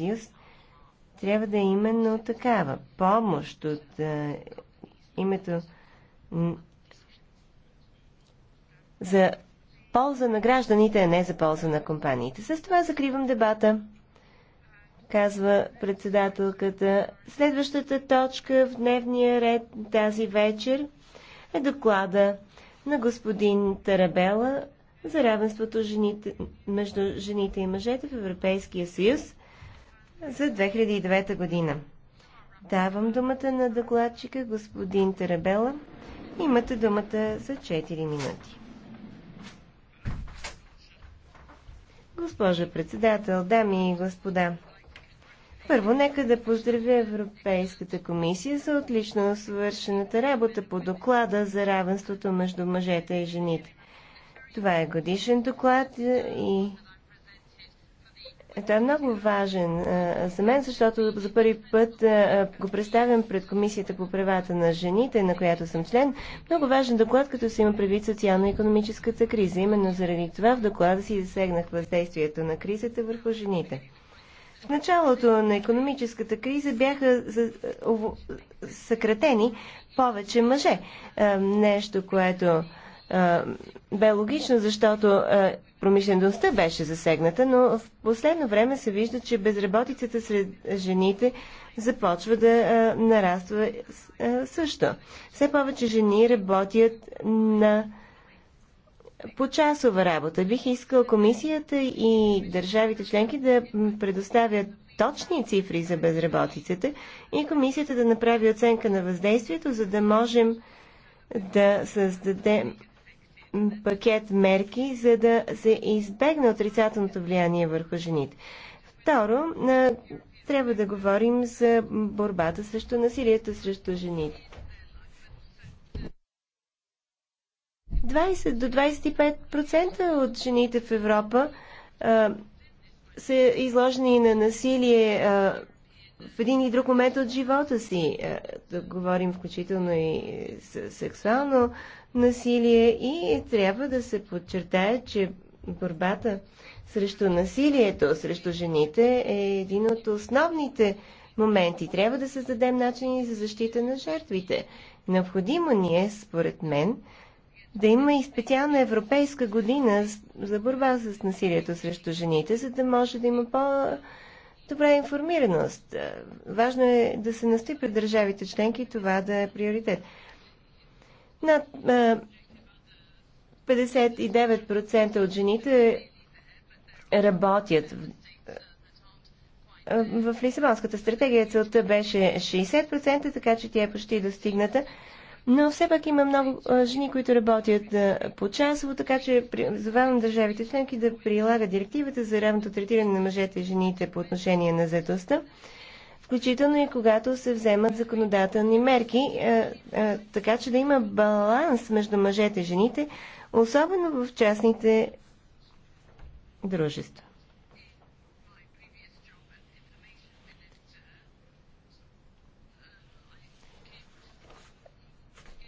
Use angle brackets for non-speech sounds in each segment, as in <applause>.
съюз трябва да е именно такава помощ от а, е, името за полза на гражданите, а не за полза на компаниите. С това закривам дебата, казва председателката. Следващата точка в дневния ред тази вечер е доклада на господин Тарабела за равенството жените, между жените и мъжете в Европейския съюз за 2009 година. Давам думата на докладчика господин Тарабела. Имате думата за 4 минути. Госпожа председател, дами и господа, първо нека да поздравя Европейската комисия за отлично свършената работа по доклада за равенството между мъжете и жените. Това е годишен доклад и той е много важен а, за мен, защото за първи път а, го представям пред Комисията по правата на жените, на която съм член. Много важен доклад, като се има предвид социално-економическата криза. Именно заради това в доклада си засегнах въздействието на кризата върху жените. В началото на економическата криза бяха съкратени повече мъже. А, нещо, което бе логично, защото промишлеността беше засегната, но в последно време се вижда, че безработицата сред жените започва да нараства също. Все повече жени работят на почасова работа. Бих искал комисията и държавите членки да предоставят точни цифри за безработицата и комисията да направи оценка на въздействието, за да можем да създадем пакет мерки, за да се избегне отрицателното влияние върху жените. Второ, трябва да говорим за борбата срещу насилието срещу жените. 20 до 25% от жените в Европа а, са изложени на насилие а, в един и друг момент от живота си. А, да говорим включително и сексуално насилие и трябва да се подчертае, че борбата срещу насилието, срещу жените е един от основните моменти. Трябва да създадем начини за защита на жертвите. Необходимо ни е, според мен, да има и специална европейска година за борба с насилието срещу жените, за да може да има по- добра информираност. Важно е да се настъпят държавите членки това да е приоритет. Над 59% от жените работят в в Лисабонската стратегия целта беше 60%, така че тя е почти достигната. Но все пак има много жени, които работят по-часово, така че зававам държавите членки да прилагат директивата за равното третиране на мъжете и жените по отношение на заедостта включително и когато се вземат законодателни мерки, е, е, така че да има баланс между мъжете и жените, особено в частните дружества.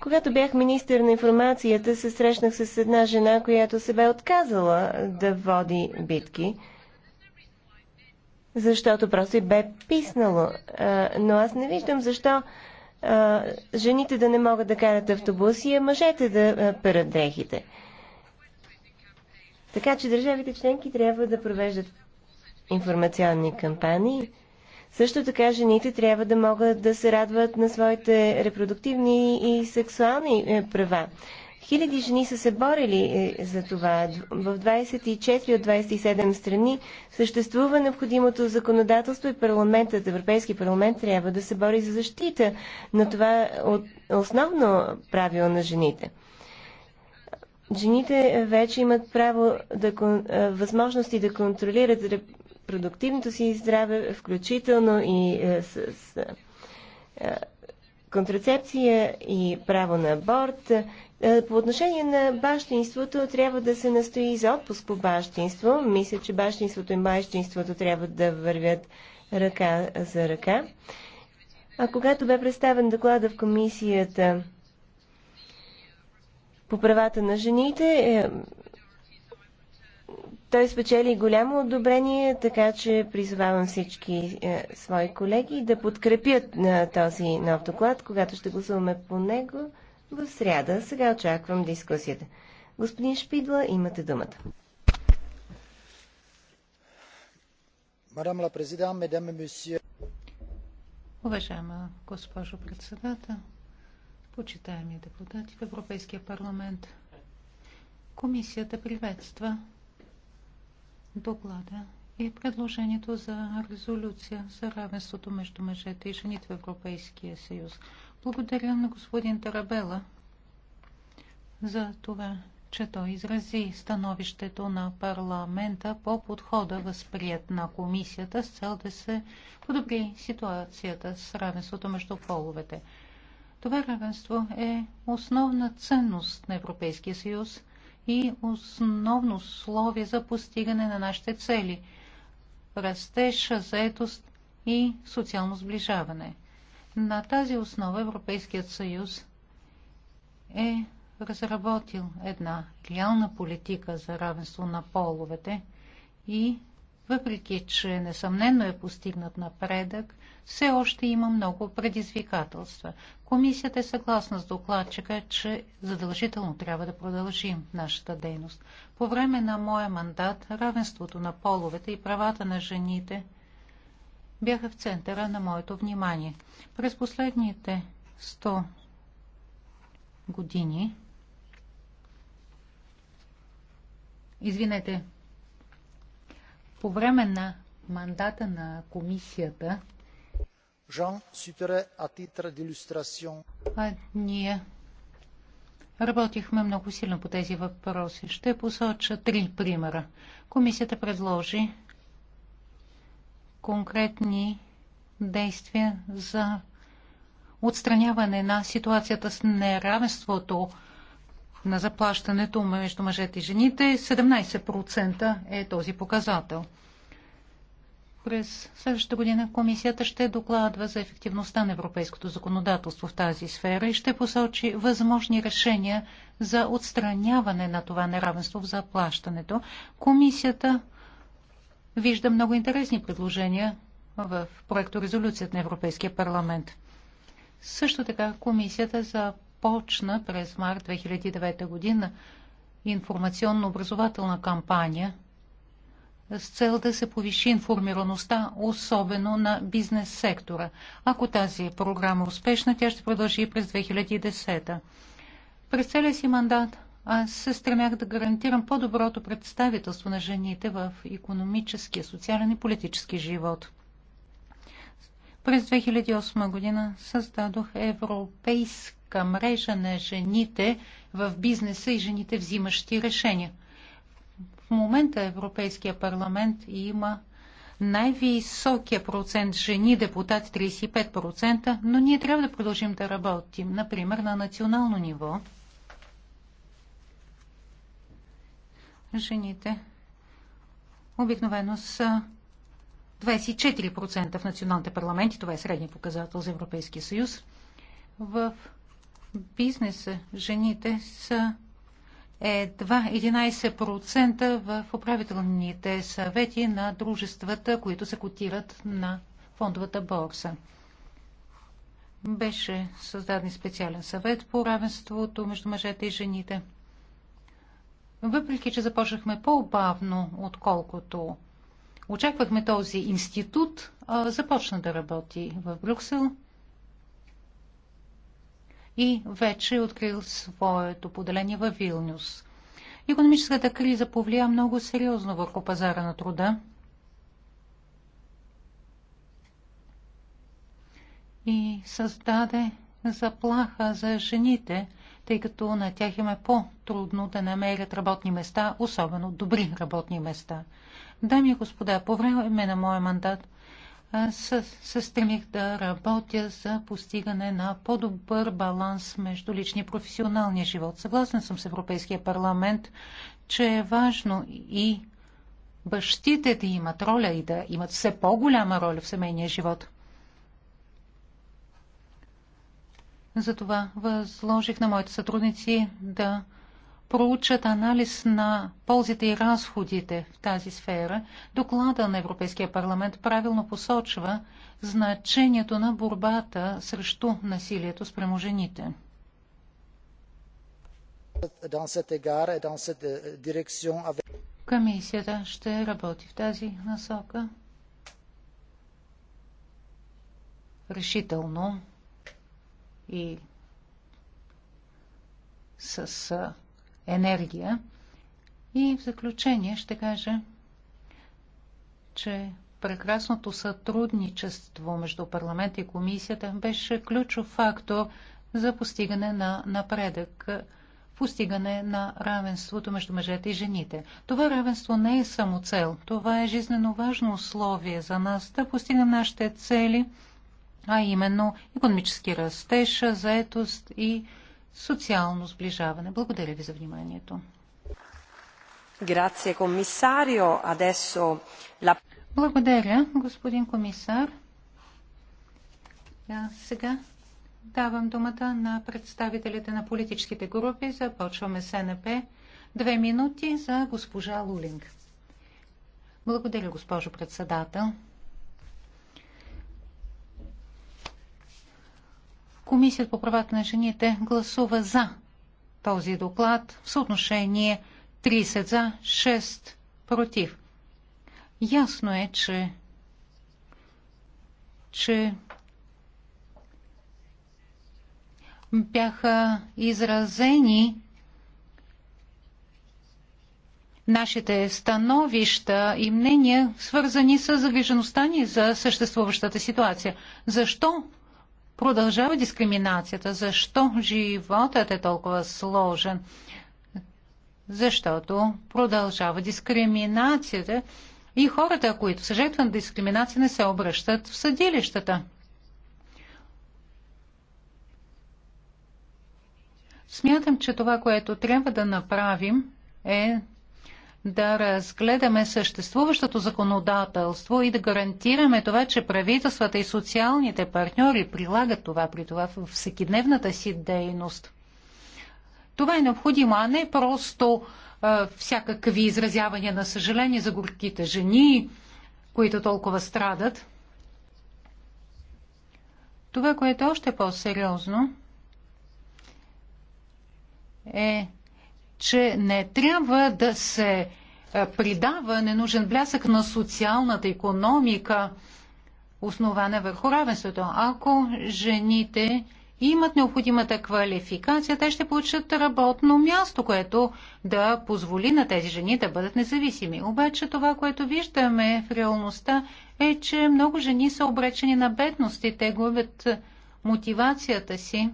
Когато бях министър на информацията, се срещнах с една жена, която се бе отказала да води битки защото просто и бе писнало. А, но аз не виждам защо а, жените да не могат да карат автобуси, а мъжете да перат дрехите. Така че държавите членки трябва да провеждат информационни кампании. Също така жените трябва да могат да се радват на своите репродуктивни и сексуални е, права. Хиляди жени са се борили е, за това. В 24 от 27 страни съществува необходимото законодателство и парламентът, Европейски парламент, трябва да се бори за защита на това е основно правило на жените. Жените вече имат право да, е, възможности да контролират репродуктивното си здраве, включително и с контрацепция и право на аборт, е, по отношение на бащинството трябва да се настои за отпуск по бащинство. Мисля, че бащинството и майщинството трябва да вървят ръка за ръка. А когато бе представен доклада в комисията по правата на жените, е, той спечели голямо одобрение, така че призовавам всички е, свои колеги да подкрепят на този нов доклад, когато ще гласуваме по него в сряда. Сега очаквам дискусията. Господин Шпидла, имате думата. Мадам ла президент, медам и месье. Уважаема госпожо председател, почитаеми депутати в Европейския парламент, комисията приветства доклада и предложението за резолюция за равенството между мъжете и жените в Европейския съюз. Благодаря на господин Тарабела за това, че той изрази становището на парламента по подхода възприят на комисията с цел да се подобри ситуацията с равенството между половете. Това равенство е основна ценност на Европейския съюз и основно условие за постигане на нашите цели – растеж, заетост и социално сближаване – на тази основа Европейският съюз е разработил една реална политика за равенство на половете и въпреки, че несъмнено е постигнат напредък, все още има много предизвикателства. Комисията е съгласна с докладчика, че задължително трябва да продължим нашата дейност. По време на моя мандат равенството на половете и правата на жените – бяха в центъра на моето внимание. През последните 100 години, извинете, по време на мандата на комисията Жан Сютере, à titre d'illustration. Ние работихме много силно по тези въпроси. Ще посоча три примера. Комисията предложи конкретни действия за отстраняване на ситуацията с неравенството на заплащането между мъжете и жените. 17% е този показател. През следващата година комисията ще докладва за ефективността на европейското законодателство в тази сфера и ще посочи възможни решения за отстраняване на това неравенство в заплащането. Комисията Вижда много интересни предложения в проекто резолюцията на Европейския парламент. Също така комисията започна през март 2009 година информационно-образователна кампания с цел да се повиши информираността, особено на бизнес сектора. Ако тази програма е успешна, тя ще продължи и през 2010. През целия си мандат аз се стремях да гарантирам по-доброто представителство на жените в економическия, социален и политически живот. През 2008 година създадох европейска мрежа на жените в бизнеса и жените взимащи решения. В момента Европейския парламент има най-високия процент жени, депутати, 35%, но ние трябва да продължим да работим, например, на национално ниво – жените обикновено са 24% в националните парламенти, това е средния показател за Европейския съюз. В бизнеса жените са едва 11% в управителните съвети на дружествата, които се котират на фондовата борса. Беше създаден специален съвет по равенството между мъжете и жените – въпреки че започнахме по-бавно, отколкото очаквахме този институт, започна да работи в Брюксел и вече е открил своето поделение във Вилнюс. Економическата криза повлия много сериозно върху пазара на труда. и създаде заплаха за жените – тъй като на тях им е по-трудно да намерят работни места, особено добри работни места. Дами и господа, по време на моя мандат се стремих да работя за постигане на по-добър баланс между личния и професионалния живот. Съгласен съм с Европейския парламент, че е важно и бащите да имат роля и да имат все по-голяма роля в семейния живот – Затова възложих на моите сътрудници да проучат анализ на ползите и разходите в тази сфера. Доклада на Европейския парламент правилно посочва значението на борбата срещу насилието спрямо жените. Комисията ще работи в тази насока решително и с енергия. И в заключение ще кажа, че прекрасното сътрудничество между парламента и комисията беше ключов фактор за постигане на напредък, постигане на равенството между мъжете и жените. Това равенство не е само цел, това е жизненно важно условие за нас да постигнем нашите цели – а именно економически растеж, заетост и социално сближаване. Благодаря ви за вниманието. Благодаря, господин комисар. А сега давам думата на представителите на политическите групи. Започваме с НП. Две минути за госпожа Лулинг. Благодаря, госпожо председател. Комисията по правата на жените гласува за този доклад в съотношение 30 за, 6 против. Ясно е, че, че бяха изразени нашите становища и мнения, свързани с загрижеността ни за съществуващата ситуация. Защо продължава дискриминацията. Защо животът е толкова сложен? Защото продължава дискриминацията и хората, които са жертва на дискриминация, не се обръщат в съдилищата. Смятам, че това, което трябва да направим е да разгледаме съществуващото законодателство и да гарантираме това, че правителствата и социалните партньори прилагат това при това в всекидневната си дейност. Това е необходимо, а не просто а, всякакви изразявания на съжаление за горките жени, които толкова страдат. Това, което е още по-сериозно, е че не трябва да се е, придава ненужен блясък на социалната економика, основана върху равенството. Ако жените имат необходимата квалификация, те ще получат работно място, което да позволи на тези жени да бъдат независими. Обаче това, което виждаме в реалността, е, че много жени са обречени на бедност и те губят мотивацията си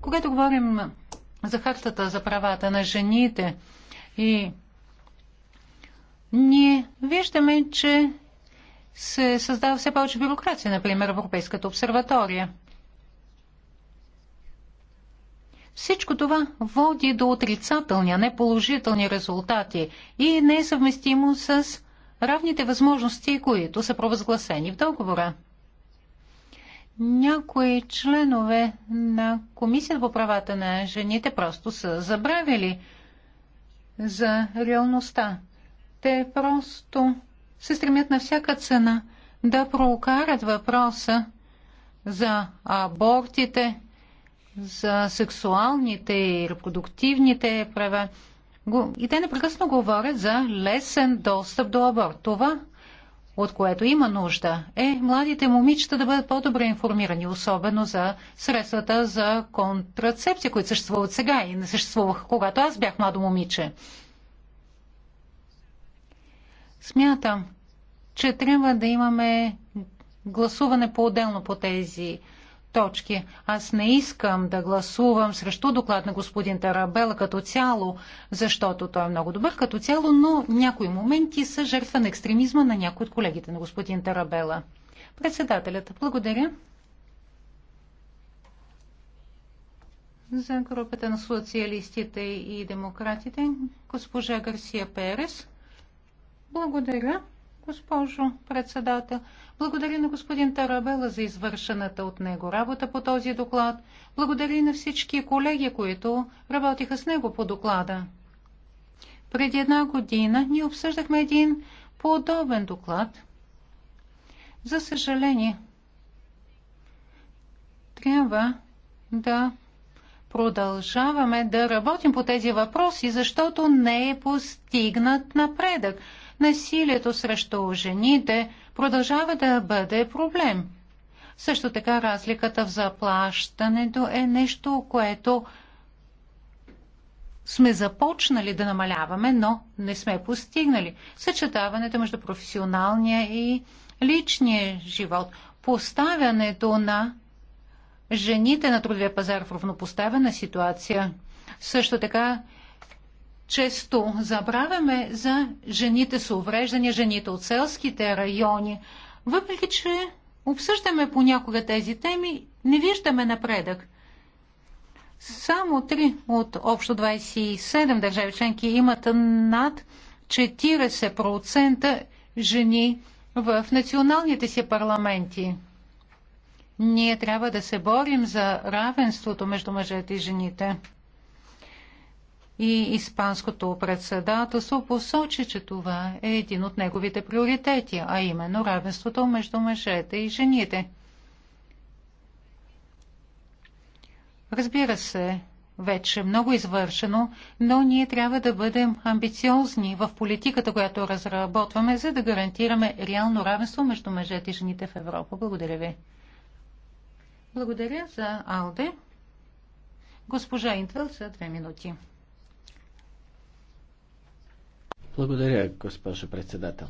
Когато говорим за хартата за правата на жените и ние виждаме, че се създава все повече бюрокрация, например Европейската обсерватория. Всичко това води до отрицателни, а не положителни резултати и не е съвместимо с равните възможности, които са провъзгласени в договора някои членове на Комисията по правата на жените просто са забравили за реалността. Те просто се стремят на всяка цена да прокарат въпроса за абортите, за сексуалните и репродуктивните права. И те непрекъсно говорят за лесен достъп до аборт. Това от което има нужда, е младите момичета да бъдат по-добре информирани, особено за средствата за контрацепция, които съществуват сега и не съществуваха, когато аз бях младо момиче. Смятам, че трябва да имаме гласуване по-отделно по тези точки. Аз не искам да гласувам срещу доклад на господин Тарабела като цяло, защото той е много добър като цяло, но някои моменти са жертва на екстремизма на някои от колегите на господин Тарабела. Председателят, благодаря. За групата на социалистите и демократите, госпожа Гарсия Перес. Благодаря госпожо председател. Благодаря на господин Тарабела за извършената от него работа по този доклад. Благодаря на всички колеги, които работиха с него по доклада. Преди една година ние обсъждахме един подобен доклад. За съжаление, трябва да продължаваме да работим по тези въпроси, защото не е постигнат напредък насилието срещу жените продължава да бъде проблем. Също така разликата в заплащането е нещо, което сме започнали да намаляваме, но не сме постигнали. Съчетаването между професионалния и личния живот, поставянето на жените на трудовия пазар в равнопоставена ситуация. Също така често забравяме за жените с увреждания, жените от селските райони. Въпреки, че обсъждаме понякога тези теми, не виждаме напредък. Само три от общо 27 държави членки имат над 40% жени в националните си парламенти. Ние трябва да се борим за равенството между мъжете и жените и Испанското председателство посочи, че това е един от неговите приоритети, а именно равенството между мъжете и жените. Разбира се, вече много извършено, но ние трябва да бъдем амбициозни в политиката, която разработваме, за да гарантираме реално равенство между мъжете и жените в Европа. Благодаря ви. Благодаря за Алде. Госпожа Интвел за две минути. Благодаря, госпожо председател.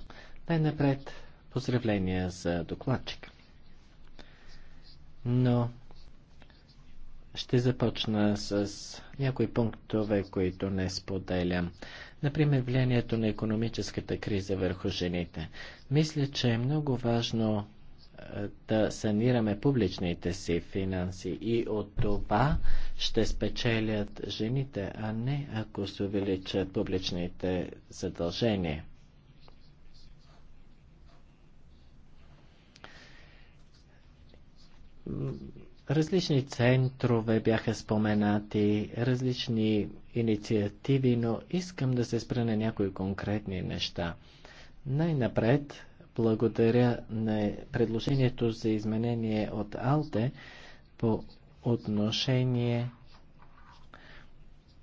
Най-напред поздравления за докладчика. Но ще започна с някои пунктове, които не споделям. Например, влиянието на економическата криза върху жените. Мисля, че е много важно да санираме публичните си финанси и от това ще спечелят жените, а не ако се увеличат публичните задължения. Различни центрове бяха споменати, различни инициативи, но искам да се спра на някои конкретни неща. Най-напред благодаря на предложението за изменение от АЛТЕ по отношение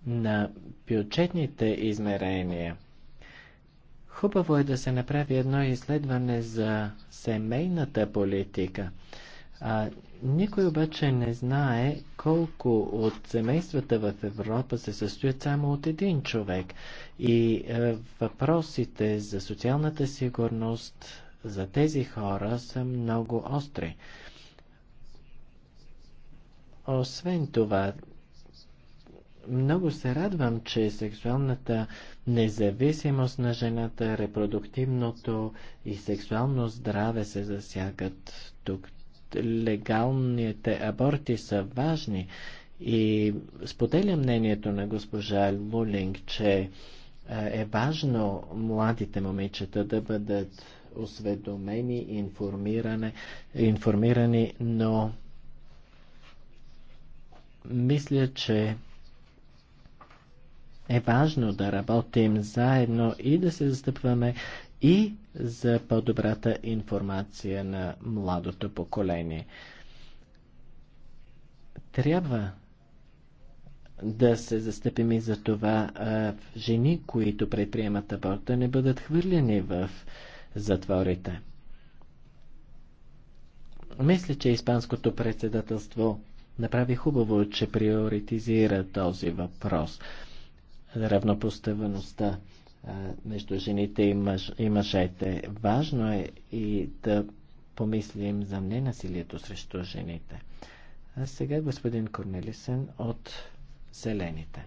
на бюджетните измерения. Хубаво е да се направи едно изследване за семейната политика. А, никой обаче не знае колко от семействата в Европа се състоят само от един човек. И е, въпросите за социалната сигурност за тези хора са много остри. Освен това, много се радвам, че сексуалната независимост на жената, репродуктивното и сексуално здраве се засягат тук. Легалните аборти са важни и споделя мнението на госпожа Лулинг, че е, е важно младите момичета да бъдат осведомени, информирани, информирани но мисля, че е важно да работим заедно и да се застъпваме и за по-добрата информация на младото поколение. Трябва да се застъпим и за това а, жени, които предприемат аборт, да не бъдат хвърляни в затворите. Мисля, че Испанското председателство направи хубаво, че приоритизира този въпрос. Равнопоставеността между жените и, мъж, и мъжете. Важно е и да помислим за ненасилието срещу жените. А сега господин Корнелисен от Зелените.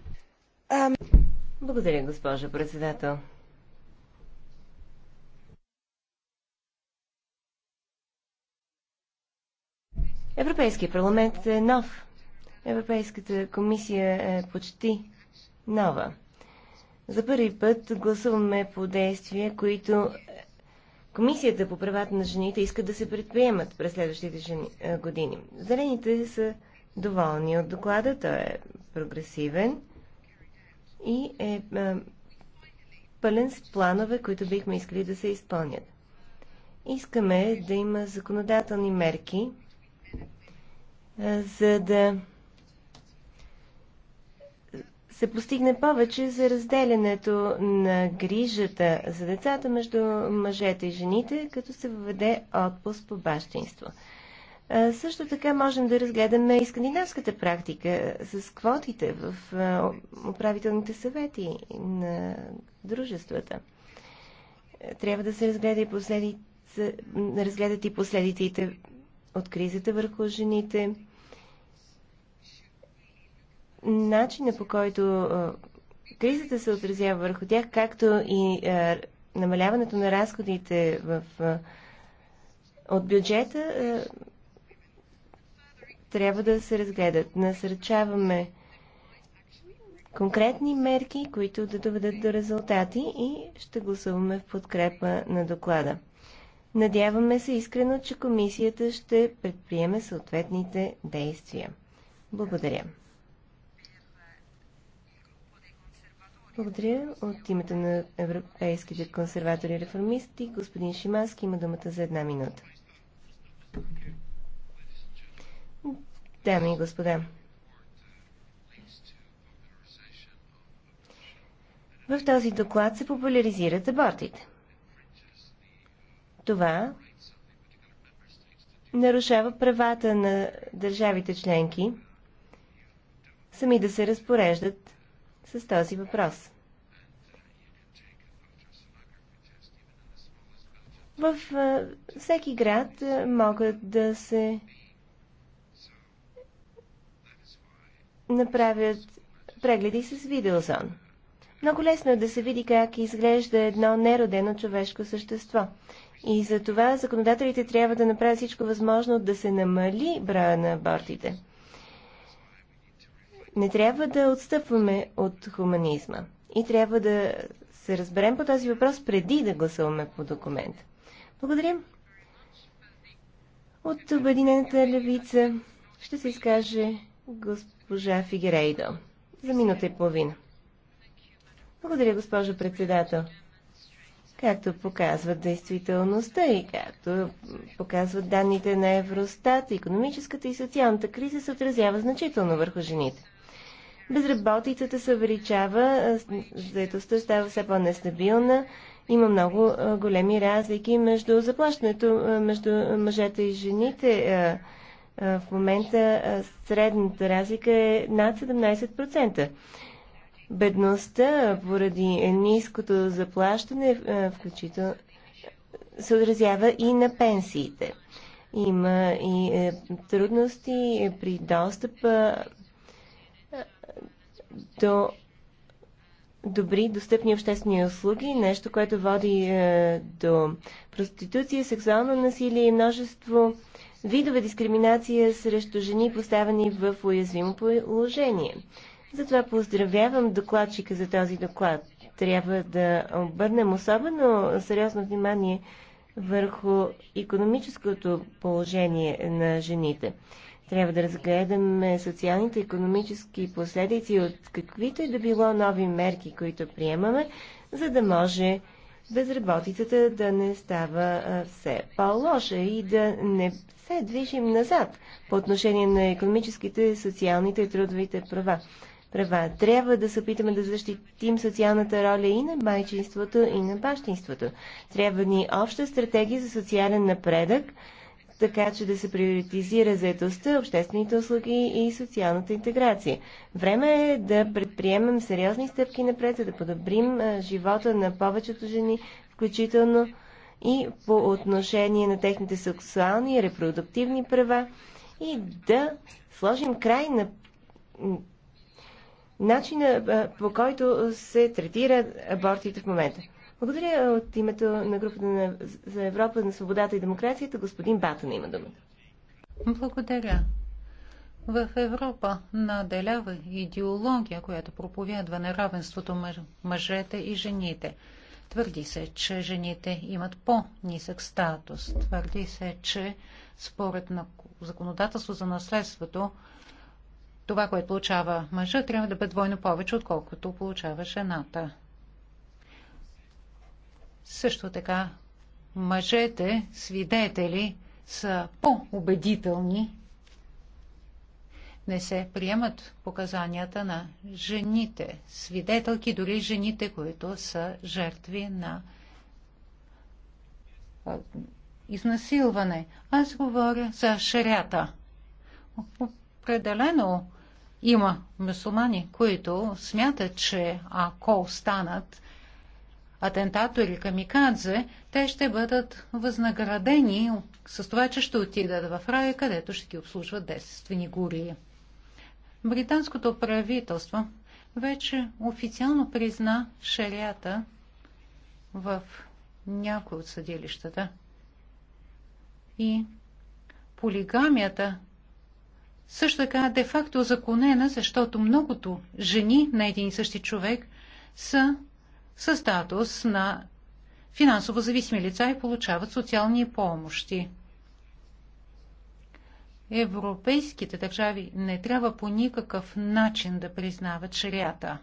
Благодаря, госпожа председател. Европейския парламент е нов. Европейската комисия е почти нова. За първи път гласуваме по действия, които Комисията по правата на жените иска да се предприемат през следващите жени, е, години. Зелените са доволни от доклада, той е прогресивен и е, е пълен с планове, които бихме искали да се изпълнят. Искаме да има законодателни мерки, за да се постигне повече за разделянето на грижата за децата между мъжете и жените, като се въведе отпуск по бащинство. Също така можем да разгледаме и скандинавската практика с квотите в управителните съвети на дружествата. Трябва да се разгледа и последица, разгледат и последиците от кризата върху жените, начина по който кризата се отразява върху тях, както и намаляването на разходите в, от бюджета, трябва да се разгледат. Насърчаваме конкретни мерки, които да доведат до резултати и ще гласуваме в подкрепа на доклада. Надяваме се искрено, че комисията ще предприеме съответните действия. Благодаря. Благодаря. От името на европейските консерватори и реформисти, господин Шимански има думата за една минута. Дами и господа, в този доклад се популяризират абортите. Това нарушава правата на държавите членки сами да се разпореждат с този въпрос. В всеки град могат да се направят прегледи с видеозон. Много лесно е да се види как изглежда едно неродено човешко същество. И за това законодателите трябва да направят всичко възможно да се намали броя на абортите. Не трябва да отстъпваме от хуманизма. И трябва да се разберем по този въпрос преди да гласуваме по документ. Благодаря. От Обединената левица ще се изкаже госпожа Фигерейдо за минута и половина. Благодаря, госпожо председател. Както показват действителността и както показват данните на Евростат, економическата и социалната криза се отразява значително върху жените. Безработицата се увеличава, заедостта става все по-нестабилна, има много големи разлики между заплащането между мъжете и жените. В момента средната разлика е над 17%. Бедността поради е, ниското заплащане, включително се отразява и на пенсиите. Има и е, трудности при достъпа до добри, достъпни обществени услуги, нещо, което води е, до проституция, сексуално насилие и множество видове дискриминация срещу жени, поставени в уязвимо положение. Затова поздравявам докладчика за този доклад. Трябва да обърнем особено сериозно внимание върху економическото положение на жените. Трябва да разгледаме социалните, економически последици от каквито и да било нови мерки, които приемаме, за да може безработицата да не става все по-лоша и да не се движим назад по отношение на економическите, социалните и трудовите права. Права. Трябва да се опитаме да защитим социалната роля и на майчинството, и на бащинството. Трябва ни обща стратегия за социален напредък, така че да се приоритизира заедостта, обществените услуги и социалната интеграция. Време е да предприемем сериозни стъпки напред, за да подобрим живота на повечето жени, включително и по отношение на техните сексуални и репродуктивни права и да сложим край на начина по който се третират абортите в момента. Благодаря от името на групата на, за Европа на свободата и демокрацията. Господин Батън има думата. Благодаря. В Европа наделява идеология, която проповядва неравенството мъж, мъжете и жените. Твърди се, че жените имат по-нисък статус. Твърди се, че според на законодателство за наследството, това, което получава мъжа, трябва да бъде двойно повече, отколкото получава жената. Също така, мъжете, свидетели, са по-убедителни. Не се приемат показанията на жените, свидетелки, дори жените, които са жертви на изнасилване. Аз говоря за шарята. Определено има мусулмани, които смятат, че ако станат атентатори камикадзе, те ще бъдат възнаградени с това, че ще отидат в рая, където ще ги обслужват действени гори. Британското правителство вече официално призна шарията в някои от съдилищата. И полигамията също така де-факто е законена, защото многото жени на един и същи човек са със статус на финансово зависими лица и получават социални помощи. Европейските държави не трябва по никакъв начин да признават шарията.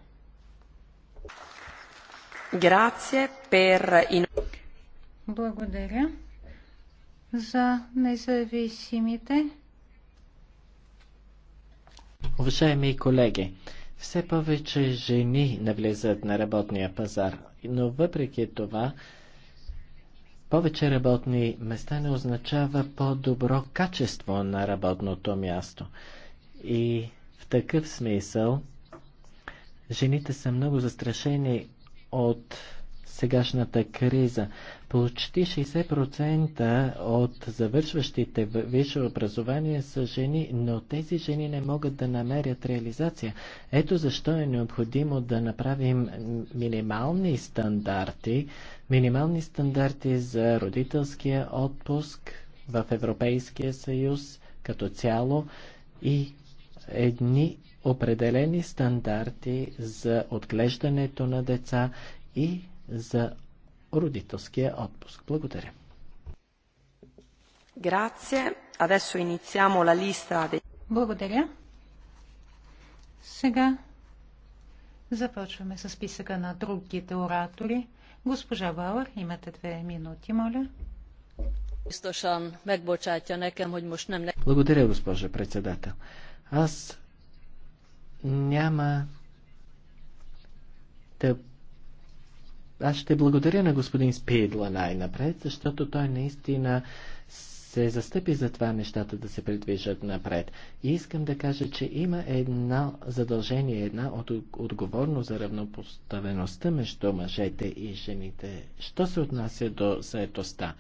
Благодаря за независимите. Уважаеми колеги, все повече жени навлизат на работния пазар, но въпреки това повече работни места не означава по-добро качество на работното място. И в такъв смисъл жените са много застрашени от сегашната криза. Почти 60% от завършващите висше образование са жени, но тези жени не могат да намерят реализация. Ето защо е необходимо да направим минимални стандарти, минимални стандарти за родителския отпуск в Европейския съюз като цяло и едни определени стандарти за отглеждането на деца и за родителския отпуск. Благодаря. Благодаря. Сега започваме с списъка на другите оратори. Госпожа Бауър, имате две минути, моля. Благодаря, госпожа председател. Аз няма да аз ще благодаря на господин Спидла най-напред, защото той наистина се застъпи за това нещата да се придвижат напред. И искам да кажа, че има едно задължение, една от, отговорност за равнопоставеността между мъжете и жените. Що се отнася до заетостта?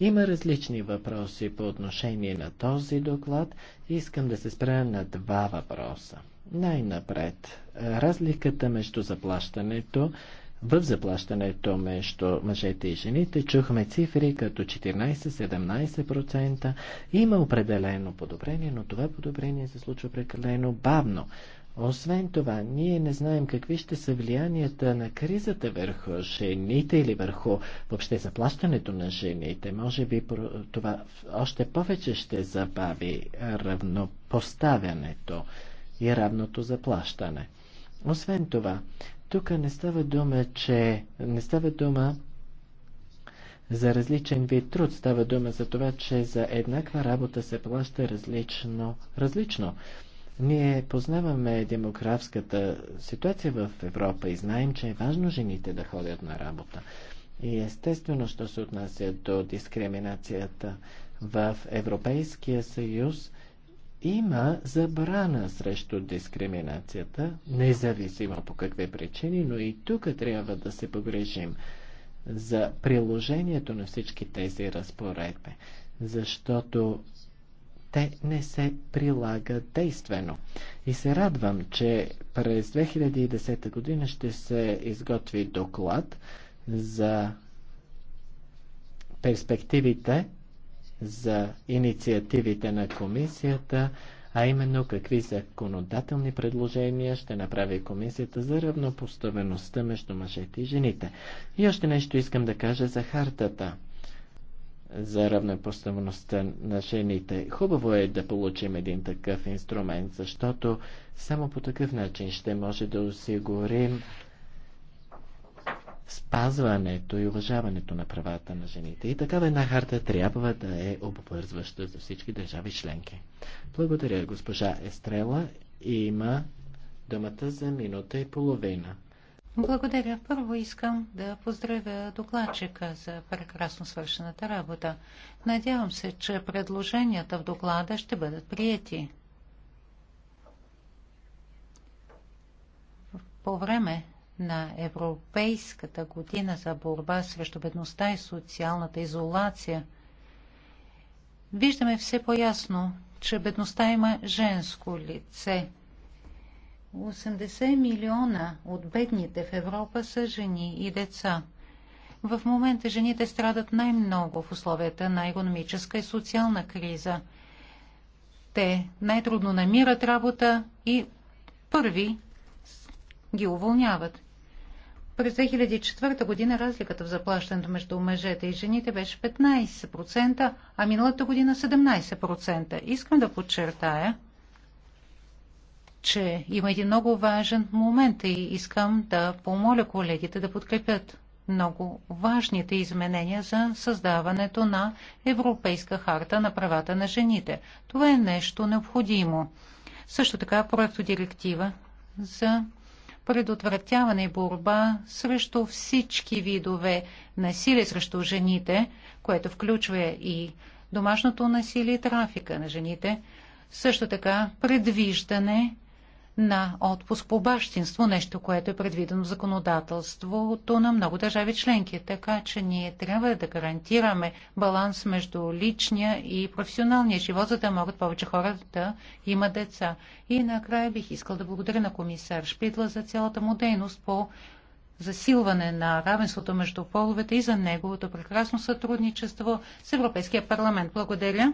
Има различни въпроси по отношение на този доклад. Искам да се спра на два въпроса. Най-напред, разликата между заплащането в заплащането между мъжете и жените. Чухме цифри като 14-17%. Има определено подобрение, но това подобрение се случва прекалено бавно. Освен това, ние не знаем какви ще са влиянията на кризата върху жените или върху въобще заплащането на жените. Може би това още повече ще забави равнопоставянето и равното заплащане. Освен това, тук не става дума, че не става дума за различен вид труд. Става дума за това, че за еднаква работа се плаща различно. различно. Ние познаваме демографската ситуация в Европа и знаем, че е важно жените да ходят на работа. И естествено, що се отнася до дискриминацията в Европейския съюз, има забрана срещу дискриминацията, независимо по какви причини, но и тук трябва да се погрежим за приложението на всички тези разпоредби, защото те не се прилагат действено. И се радвам, че през 2010 година ще се изготви доклад за перспективите за инициативите на комисията, а именно какви законодателни предложения ще направи комисията за равнопоставеността между мъжете и жените. И още нещо искам да кажа за хартата за равнопоставеността на жените. Хубаво е да получим един такъв инструмент, защото само по такъв начин ще може да осигурим спазването и уважаването на правата на жените. И такава една харта трябва да е обвързваща за всички държави членки. Благодаря, госпожа Естрела. и Има думата за минута и половина. Благодаря. Първо искам да поздравя докладчика за прекрасно свършената работа. Надявам се, че предложенията в доклада ще бъдат приети. По време на Европейската година за борба срещу бедността и социалната изолация, виждаме все по-ясно, че бедността има женско лице. 80 милиона от бедните в Европа са жени и деца. В момента жените страдат най-много в условията на економическа и социална криза. Те най-трудно намират работа и първи ги уволняват. През 2004 година разликата в заплащането между мъжете и жените беше 15%, а миналата година 17%. Искам да подчертая, че има един много важен момент и искам да помоля колегите да подкрепят много важните изменения за създаването на Европейска харта на правата на жените. Това е нещо необходимо. Също така проектодиректива за предотвратяване и борба срещу всички видове насилие срещу жените, което включва и домашното насилие и трафика на жените. Също така предвиждане на отпуск по бащинство, нещо, което е предвидено в законодателството на много държави членки. Така че ние трябва да гарантираме баланс между личния и професионалния живот, за да могат повече хора да имат деца. И накрая бих искал да благодаря на комисар Шпидла за цялата му дейност по засилване на равенството между половете и за неговото прекрасно сътрудничество с Европейския парламент. Благодаря.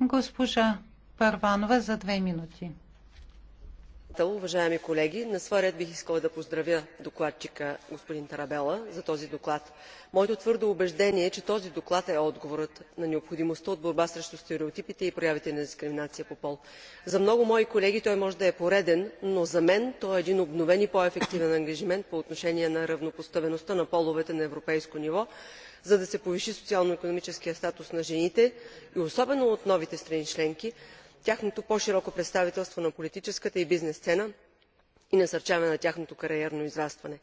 Госпожа Парванова за две минути. Уважаеми колеги, на свой ред бих искала да поздравя докладчика господин Тарабела за този доклад. Моето твърдо убеждение е, че този доклад е отговорът на необходимостта от борба срещу стереотипите и проявите на дискриминация по пол. За много мои колеги той може да е пореден, но за мен той е един обновен и по-ефективен ангажимент по отношение на равнопоставеността на половете на европейско ниво, за да се повиши социално икономическият статус на жените и особено от новите страни членки, тяхното по широко представителство на политическата и бизнес сцена и насърчаване на тяхното кариерно израстване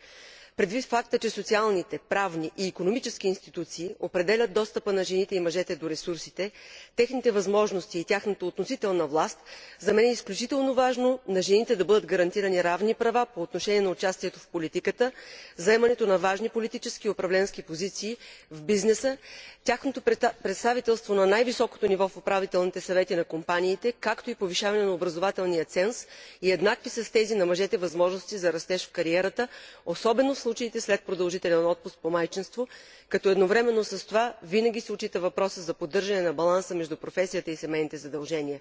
предвид факта че социалните правни и икономически институции определят достъпа на жените и мъжете до ресурсите техните възможности и тяхната относителна власт за мен е изключително важно на жените да бъдат гарантирани равни права по отношение на участието в политиката заемането на важни политически и управленски позиции в бизнеса тяхното представителство на най високото ниво в управителните съвети на компаниите както и повишаване на образователния ценз и еднакви с тези на мъжете възможности за растеж в кариерата особено случаите след продължителен отпуск по майчинство като едновременно с това винаги се отчита въпросът за поддържане на баланса между професията и семейните задължения.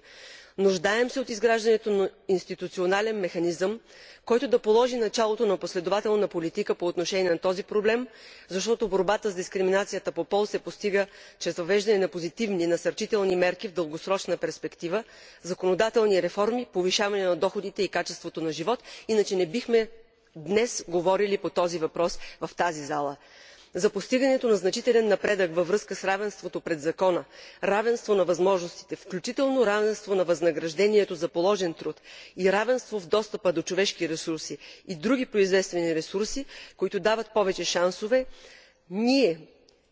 нуждаем се от изграждането на институционален механизъм който да положи началото на последователна политика по отношение на този проблем защото борбата с дискриминацията по пол се постига чрез въвеждане на позитивни насърчителни мерки в дългосрочна перспектива законодателни реформи повишаване на доходите и качеството на живот иначе не бихме днес говорили по този въпрос в тази зала за постигането на значителен напредък във връзка с равенството пред закона равенство на възможностите включително равенство на възнаграждението за положен труд и равенство в достъпа до човешки ресурси и други производствени ресурси които дават повече шансове ние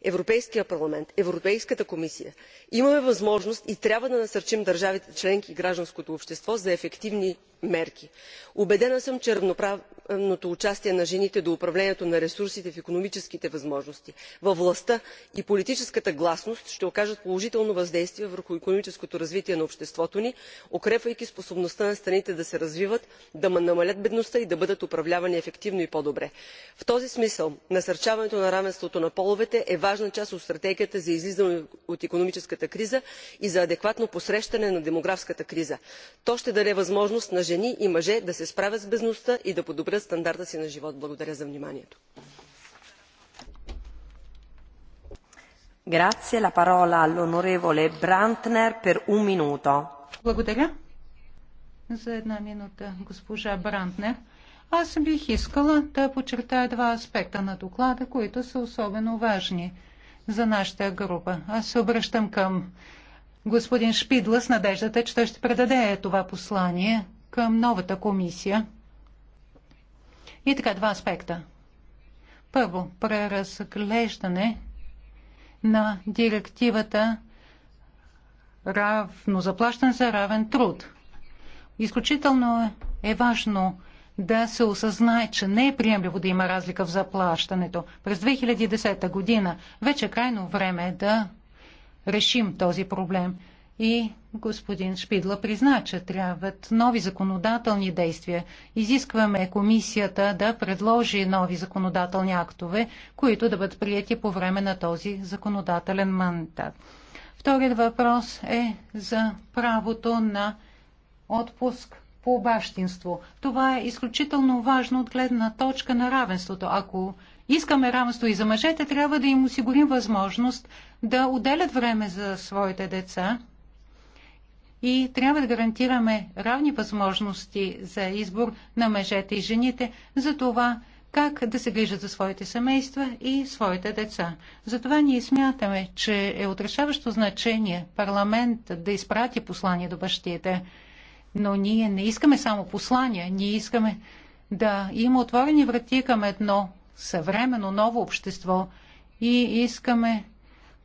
европейският парламент европейската комисия имаме възможност и трябва да насърчим държавите членки и гражданското общество за ефективни мерки. убедена съм че равноправното участие на жените до управлението на ресурсите в икономическите възможности във властта и политическата гласност ще окажат положително въздействие върху икономическото развитие на обществото ни укрепвайки способността на страните да се развиват да намалят бедността и да бъдат управлявани ефективно и по добре. в този смисъл насърчаването на равенството на половете е важна част от стратегията за излизане от икономическата криза и за адекватно посрещане на демографската криза. то ще даде възможност жени и мъже да се справят с бедността и да подобрят стандарта си на живот. Благодаря за вниманието. Благодаря. За една минута госпожа Брантнер. Аз бих искала да подчертая два аспекта на доклада, които са особено важни за нашата група. Аз се обръщам към господин Шпидла с надеждата, че той ще предаде това послание към новата комисия. И така, два аспекта. Първо, преразглеждане на директивата равно заплащане за равен труд. Изключително е важно да се осъзнае, че не е приемливо да има разлика в заплащането. През 2010 година вече е крайно време да решим този проблем. И господин Шпидла призна, че трябват нови законодателни действия. Изискваме комисията да предложи нови законодателни актове, които да бъдат прияти по време на този законодателен мандат. Вторият въпрос е за правото на отпуск по бащинство. Това е изключително важно от гледна точка на равенството. Ако искаме равенство и за мъжете, трябва да им осигурим възможност да отделят време за своите деца и трябва да гарантираме равни възможности за избор на мъжете и жените за това как да се грижат за своите семейства и своите деца. Затова ние смятаме, че е отрешаващо значение парламент да изпрати послание до бащите. Но ние не искаме само послания, ние искаме да има отворени врати към едно съвременно ново общество и искаме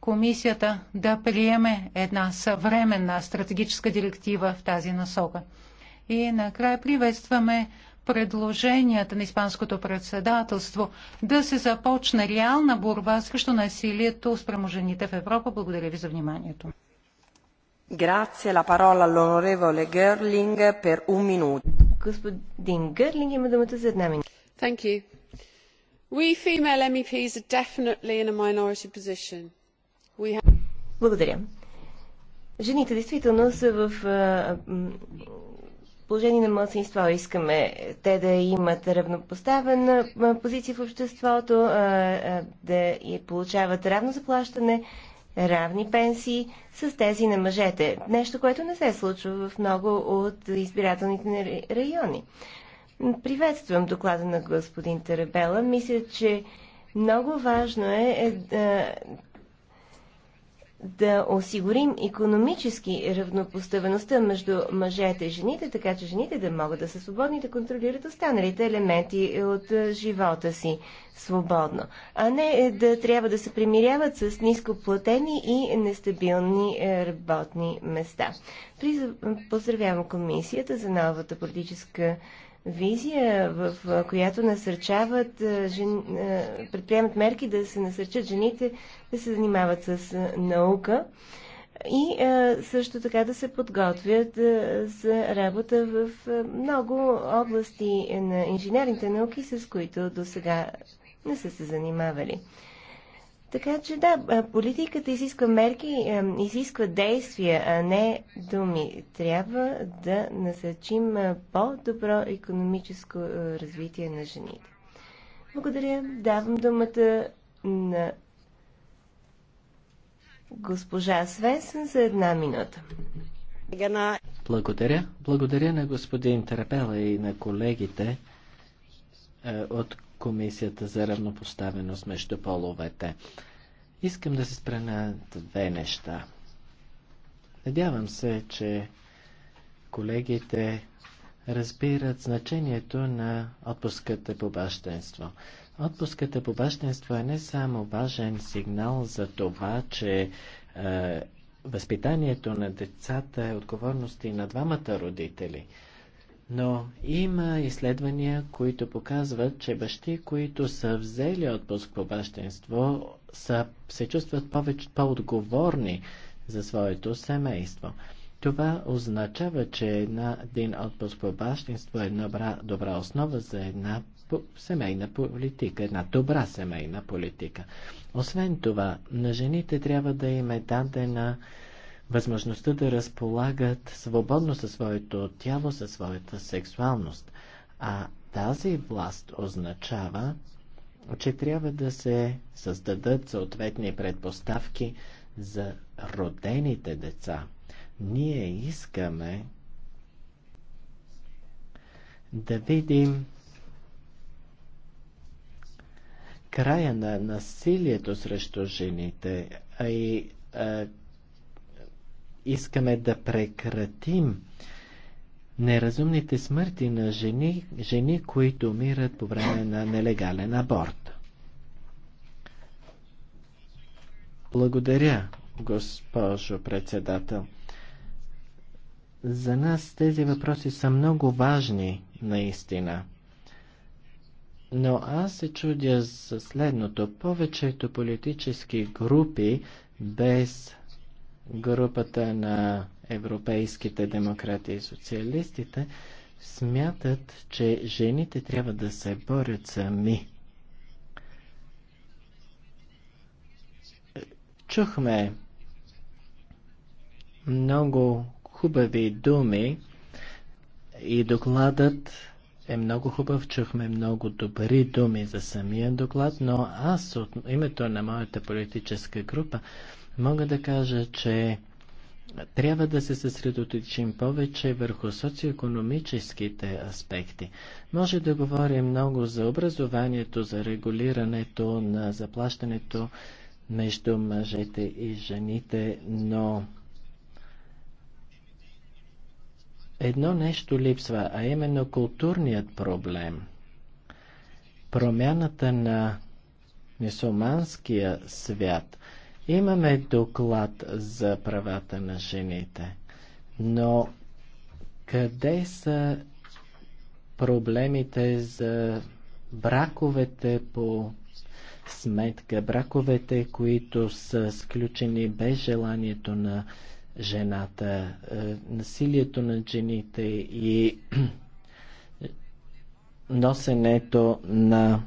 комисията да приеме една съвременна стратегическа директива в тази насока. И накрая приветстваме предложенията на Испанското председателство да се започне реална борба срещу насилието спрямо жените в Европа. Благодаря ви за вниманието. Господин Герлинг има думата за една минута. Thank you. We female MEPs are definitely in a minority position благодаря. Жените действително са в а, положение на младсинство. Искаме те да имат равнопоставена позиция в обществото, а, а, да и получават равно заплащане, равни пенсии с тези на мъжете. Нещо, което не се случва в много от избирателните райони. Приветствам доклада на господин Тарабела. Мисля, че много важно е, е е да осигурим економически равнопоставеността между мъжете и жените, така че жените да могат да са свободни и да контролират останалите елементи от е, живота си свободно, а не е, да трябва да се примиряват с нископлатени и нестабилни е, работни места. Поздравявам комисията за новата политическа визия, в която насърчават, жен... предприемат мерки да се насърчат жените да се занимават с наука и също така да се подготвят за работа в много области на инженерните науки, с които до сега не са се занимавали. Така че да, политиката изисква мерки, изисква действия, а не думи. Трябва да насъчим по-добро економическо развитие на жените. Благодаря. Давам думата на госпожа Свесен за една минута. Благодаря. Благодаря на господин Трапела и на колегите от Комисията за равнопоставеност между половете. Искам да се спра на две неща. Надявам се, че колегите разбират значението на отпуската по бащенство. Отпуската по бащенство е не само важен сигнал за това, че е, възпитанието на децата е отговорности на двамата родители – но има изследвания, които показват, че бащи, които са взели отпуск по бащенство, са, се чувстват повече, по-отговорни за своето семейство. Това означава, че една, един отпуск по бащенство е една добра, добра основа за една по, семейна политика, една добра семейна политика. Освен това, на жените трябва да им е дадена възможността да разполагат свободно със своето тяло, със своята сексуалност. А тази власт означава, че трябва да се създадат съответни предпоставки за родените деца. Ние искаме да видим края на насилието срещу жените, а и а, искаме да прекратим неразумните смърти на жени, жени, които умират по време на нелегален аборт. Благодаря, госпожо председател. За нас тези въпроси са много важни, наистина. Но аз се чудя за следното. Повечето политически групи без групата на европейските демократи и социалистите смятат, че жените трябва да се борят сами. Чухме много хубави думи и докладът е много хубав. Чухме много добри думи за самия доклад, но аз от името на моята политическа група Мога да кажа, че трябва да се съсредоточим повече върху социоекономическите аспекти. Може да говорим много за образованието, за регулирането на заплащането между мъжете и жените, но едно нещо липсва, а именно културният проблем. Промяната на мисулманския свят Имаме доклад за правата на жените, но къде са проблемите за браковете по сметка, браковете, които са сключени без желанието на жената, е, насилието на жените и <clears throat> носенето на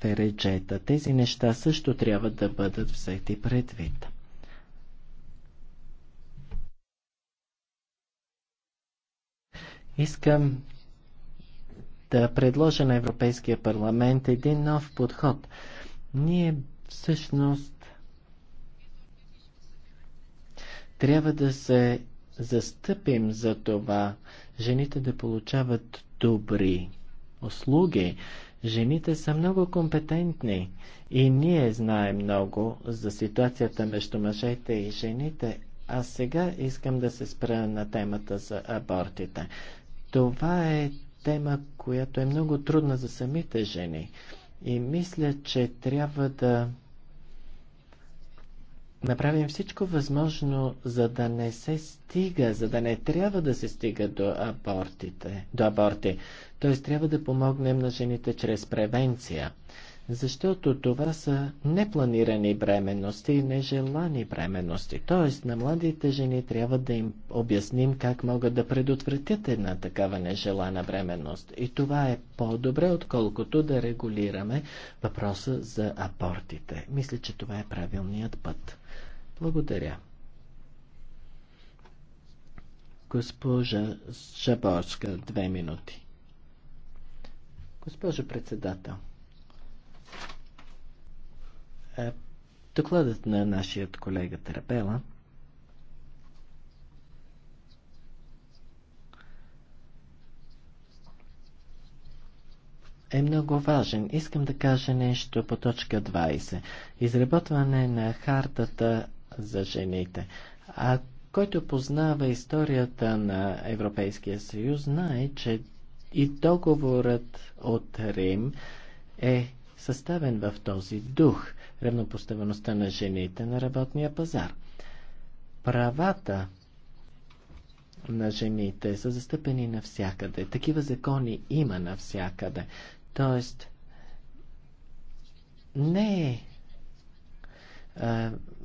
фереджета. Тези неща също трябва да бъдат взети предвид. Искам да предложа на Европейския парламент един нов подход. Ние всъщност трябва да се застъпим за това жените да получават добри услуги, Жените са много компетентни и ние знаем много за ситуацията между мъжете и жените, а сега искам да се спра на темата за абортите. Това е тема, която е много трудна за самите жени и мисля, че трябва да направим всичко възможно, за да не се стига, за да не трябва да се стига до, абортите, до аборти. Т.е. трябва да помогнем на жените чрез превенция. Защото това са непланирани бременности и нежелани бременности. Т.е. на младите жени трябва да им обясним как могат да предотвратят една такава нежелана бременност. И това е по-добре, отколкото да регулираме въпроса за абортите. Мисля, че това е правилният път. Благодаря. Госпожа Шаборска, две минути. Госпожо председател, е, докладът на нашият колега Тарабела. е много важен. Искам да кажа нещо по точка 20. Изработване на хартата за жените. А който познава историята на Европейския съюз, знае, че и договорът от Рим е съставен в този дух – равнопоставеността на жените на работния пазар. Правата на жените са застъпени навсякъде. Такива закони има навсякъде. Тоест, не е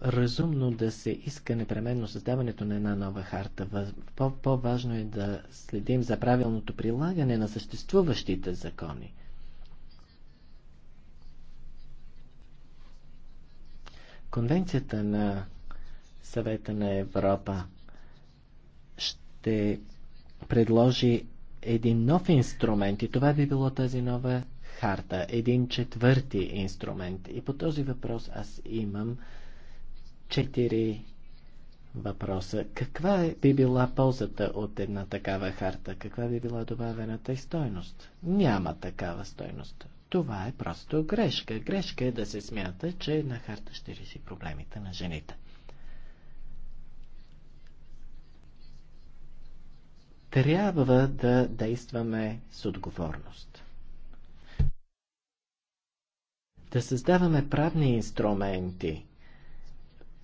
разумно да се иска непременно създаването на една нова харта. По-важно -по е да следим за правилното прилагане на съществуващите закони. Конвенцията на съвета на Европа ще предложи един нов инструмент и това би било тази нова харта, един четвърти инструмент. И по този въпрос аз имам четири въпроса. Каква е, би била ползата от една такава харта? Каква би била добавената и стойност? Няма такава стойност. Това е просто грешка. Грешка е да се смята, че една харта ще реши проблемите на жените. Трябва да действаме с отговорност да създаваме правни инструменти,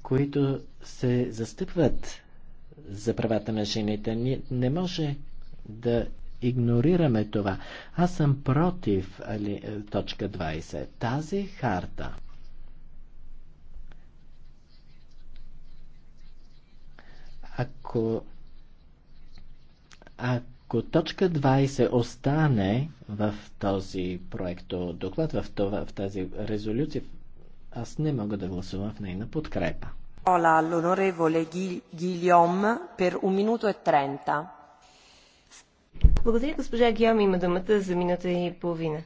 които се застъпват за правата на жените. Ние не може да игнорираме това. Аз съм против али, е, точка 20. Тази харта ако ако ако точка 20 остане в този проект доклад, в, това, в тази резолюция, аз не мога да гласувам в нейна подкрепа. Ола, лонореволе Guillaume пер у минуто е трента. Благодаря, госпожа Гиом има думата за минута и половина.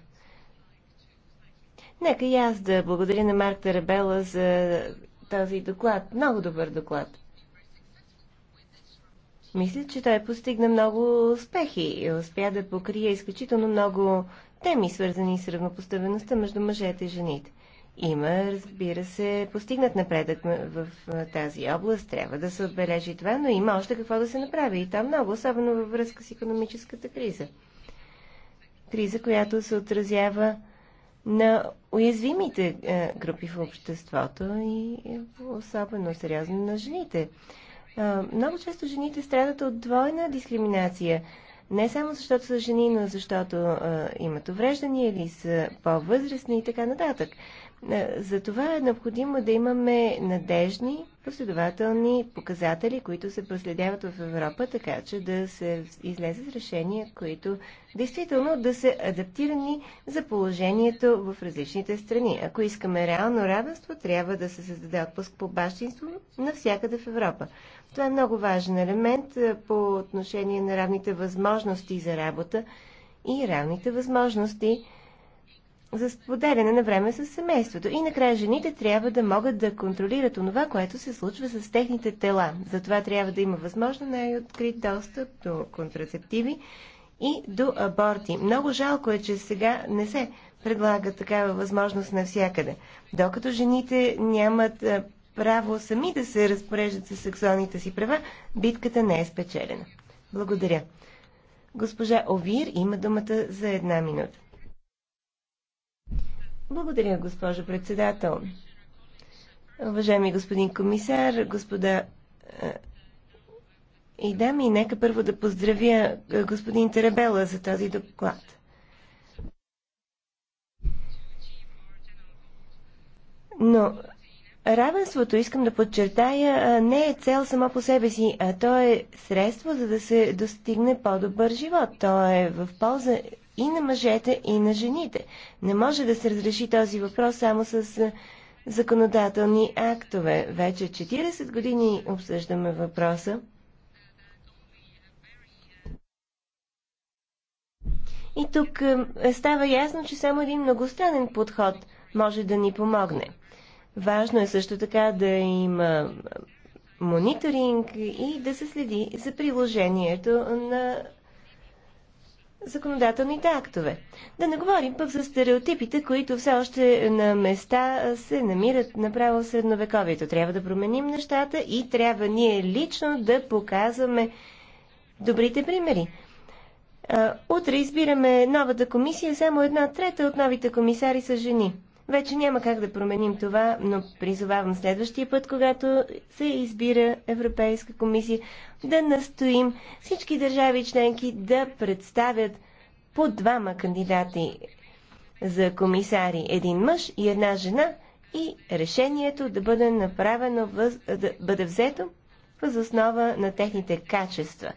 Нека и аз да благодаря на Марк Тарабела за този доклад. Много добър доклад. Мисля, че той постигна много успехи и успя да покрие изключително много теми, свързани с равнопоставеността между мъжете и жените. Има, разбира се, постигнат напредък в тази област, трябва да се отбележи това, но има още какво да се направи и там много, особено във връзка с економическата криза. Криза, която се отразява на уязвимите е, групи в обществото и е, особено сериозно на жените. Много често жените страдат от двойна дискриминация. Не само защото са жени, но защото а, имат увреждания или са по-възрастни и така нататък. Е, Затова е необходимо да имаме надежни, последователни показатели, които се проследяват в Европа, така че да се излезе с решения, които действително да са адаптирани за положението в различните страни. Ако искаме реално равенство, трябва да се създаде отпуск по бащинство навсякъде в Европа. Това е много важен елемент е, по отношение на равните възможности за работа и равните възможности за споделяне на време с семейството. И накрая жените трябва да могат да контролират онова, което се случва с техните тела. Затова трябва да има възможно най-открит достъп до контрацептиви и до аборти. Много жалко е, че сега не се предлага такава възможност навсякъде. Докато жените нямат право сами да се разпореждат с сексуалните си права, битката не е спечелена. Благодаря. Госпожа Овир има думата за една минута. Благодаря, госпожо председател. Уважаеми господин комисар, господа е, и дами, нека първо да поздравя е, господин Терабела за този доклад. Но равенството, искам да подчертая, е, не е цел само по себе си, а то е средство, за да се достигне по-добър живот. То е в полза и на мъжете, и на жените. Не може да се разреши този въпрос само с е, законодателни актове. Вече 40 години обсъждаме въпроса. И тук е, е, става ясно, че само един многостранен подход може да ни помогне. Важно е също така да има мониторинг и да се следи за приложението на законодателните актове. Да не говорим пък за стереотипите, които все още на места се намират направо в средновековието. Трябва да променим нещата и трябва ние лично да показваме добрите примери. Утре избираме новата комисия, само една трета от новите комисари са жени. Вече няма как да променим това, но призовавам следващия път, когато се избира Европейска комисия, да настоим всички държави членки да представят по двама кандидати за комисари. Един мъж и една жена и решението да бъде направено, въз, да бъде взето въз основа на техните качества,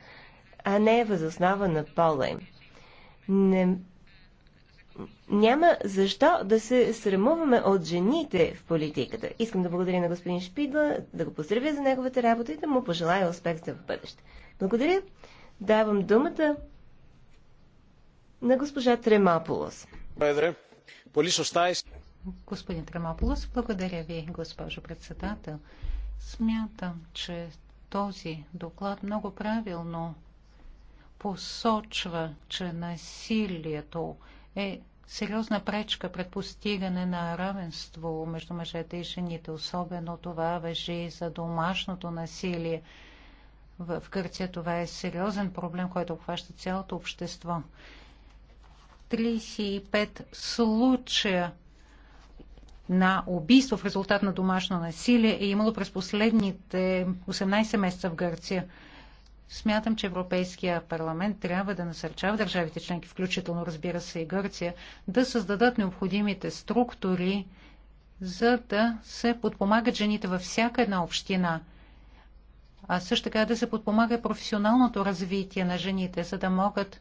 а не въз основа на пола им. Не няма защо да се срамуваме от жените в политиката. Искам да благодаря на господин Шпидла, да го поздравя за неговата работа и да му пожелая успех за в бъдеще. Благодаря. Давам думата на госпожа Тремаполос. Господин Тремаполос, благодаря ви, госпожо председател. Смятам, че този доклад много правилно посочва, че насилието е сериозна пречка пред постигане на равенство между мъжете и жените. Особено това въжи за домашното насилие. В Гърция това е сериозен проблем, който обхваща цялото общество. 35 случая на убийство в резултат на домашно насилие е имало през последните 18 месеца в Гърция. Смятам, че Европейския парламент трябва да насърчава държавите членки, включително разбира се и Гърция, да създадат необходимите структури, за да се подпомагат жените във всяка една община, а също така да се подпомага професионалното развитие на жените, за да могат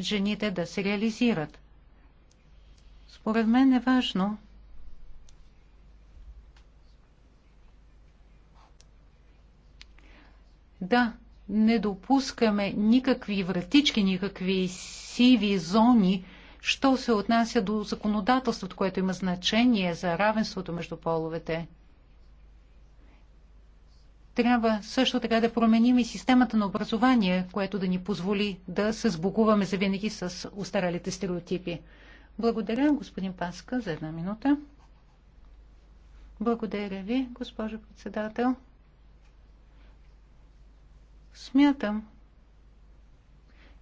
жените да се реализират. Според мен е важно да не допускаме никакви вратички, никакви сиви зони, що се отнася до законодателството, което има значение за равенството между половете. Трябва също така да променим и системата на образование, което да ни позволи да се сбогуваме завинаги с устаралите стереотипи. Благодаря, господин Паска, за една минута. Благодаря ви, госпожо председател. Смятам,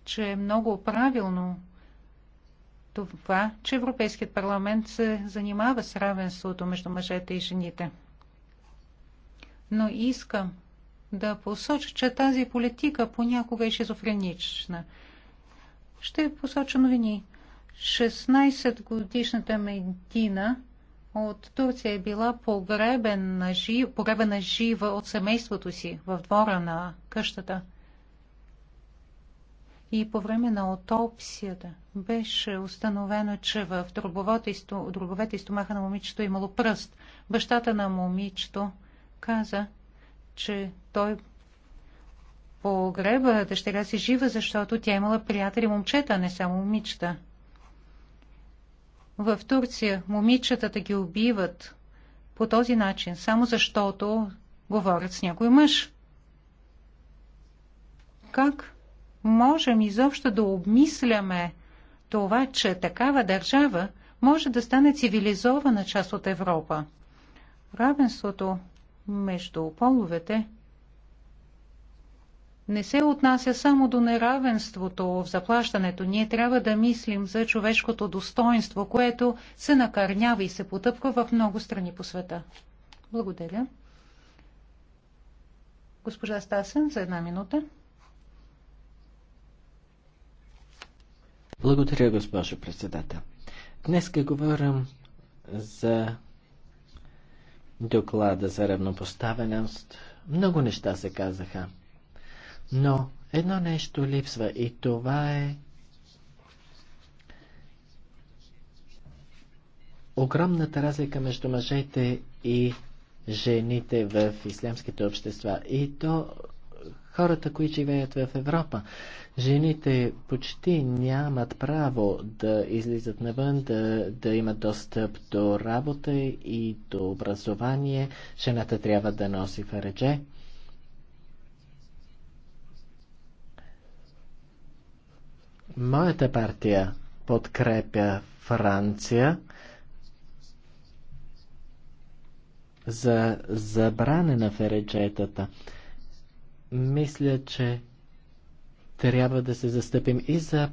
че е много правилно това, че Европейският парламент се занимава с равенството между мъжете и жените. Но искам да посоча, че тази политика понякога е шизофренична. Ще посоча новини. 16-годишната Медина от Турция е била погребена, жив, погребена жива от семейството си в двора на къщата. И по време на отопсията беше установено, че в дробовете и стомаха на момичето е имало пръст. Бащата на момичето каза, че той погреба дъщеря си жива, защото тя имала приятели момчета, а не само момичета. В Турция момичетата ги убиват по този начин, само защото говорят с някой мъж. Как можем изобщо да обмисляме това, че такава държава може да стане цивилизована част от Европа? Равенството между половете – не се отнася само до неравенството в заплащането. Ние трябва да мислим за човешкото достоинство, което се накърнява и се потъпва в много страни по света. Благодаря. Госпожа Стасен, за една минута. Благодаря, госпожо председател. Днес говорим за доклада за равнопоставеност. Много неща се казаха. Но едно нещо липсва и това е огромната разлика между мъжете и жените в ислямските общества. И то хората, които живеят в Европа. Жените почти нямат право да излизат навън, да, да имат достъп до работа и до образование. Жената трябва да носи фаредже. Моята партия подкрепя Франция за забране на фереджетата. Мисля, че трябва да се застъпим и за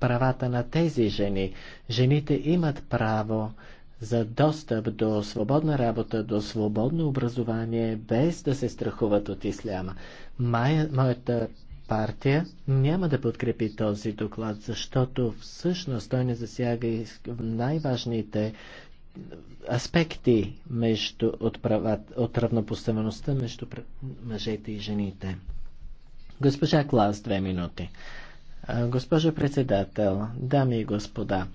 правата на тези жени. Жените имат право за достъп до свободна работа, до свободно образование, без да се страхуват от исляма. моята партия няма да подкрепи този доклад, защото всъщност той не засяга и най-важните аспекти между, от, права, от равнопоставеността между мъжете и жените. Госпожа Клас, две минути. Госпожо председател, дами и господа,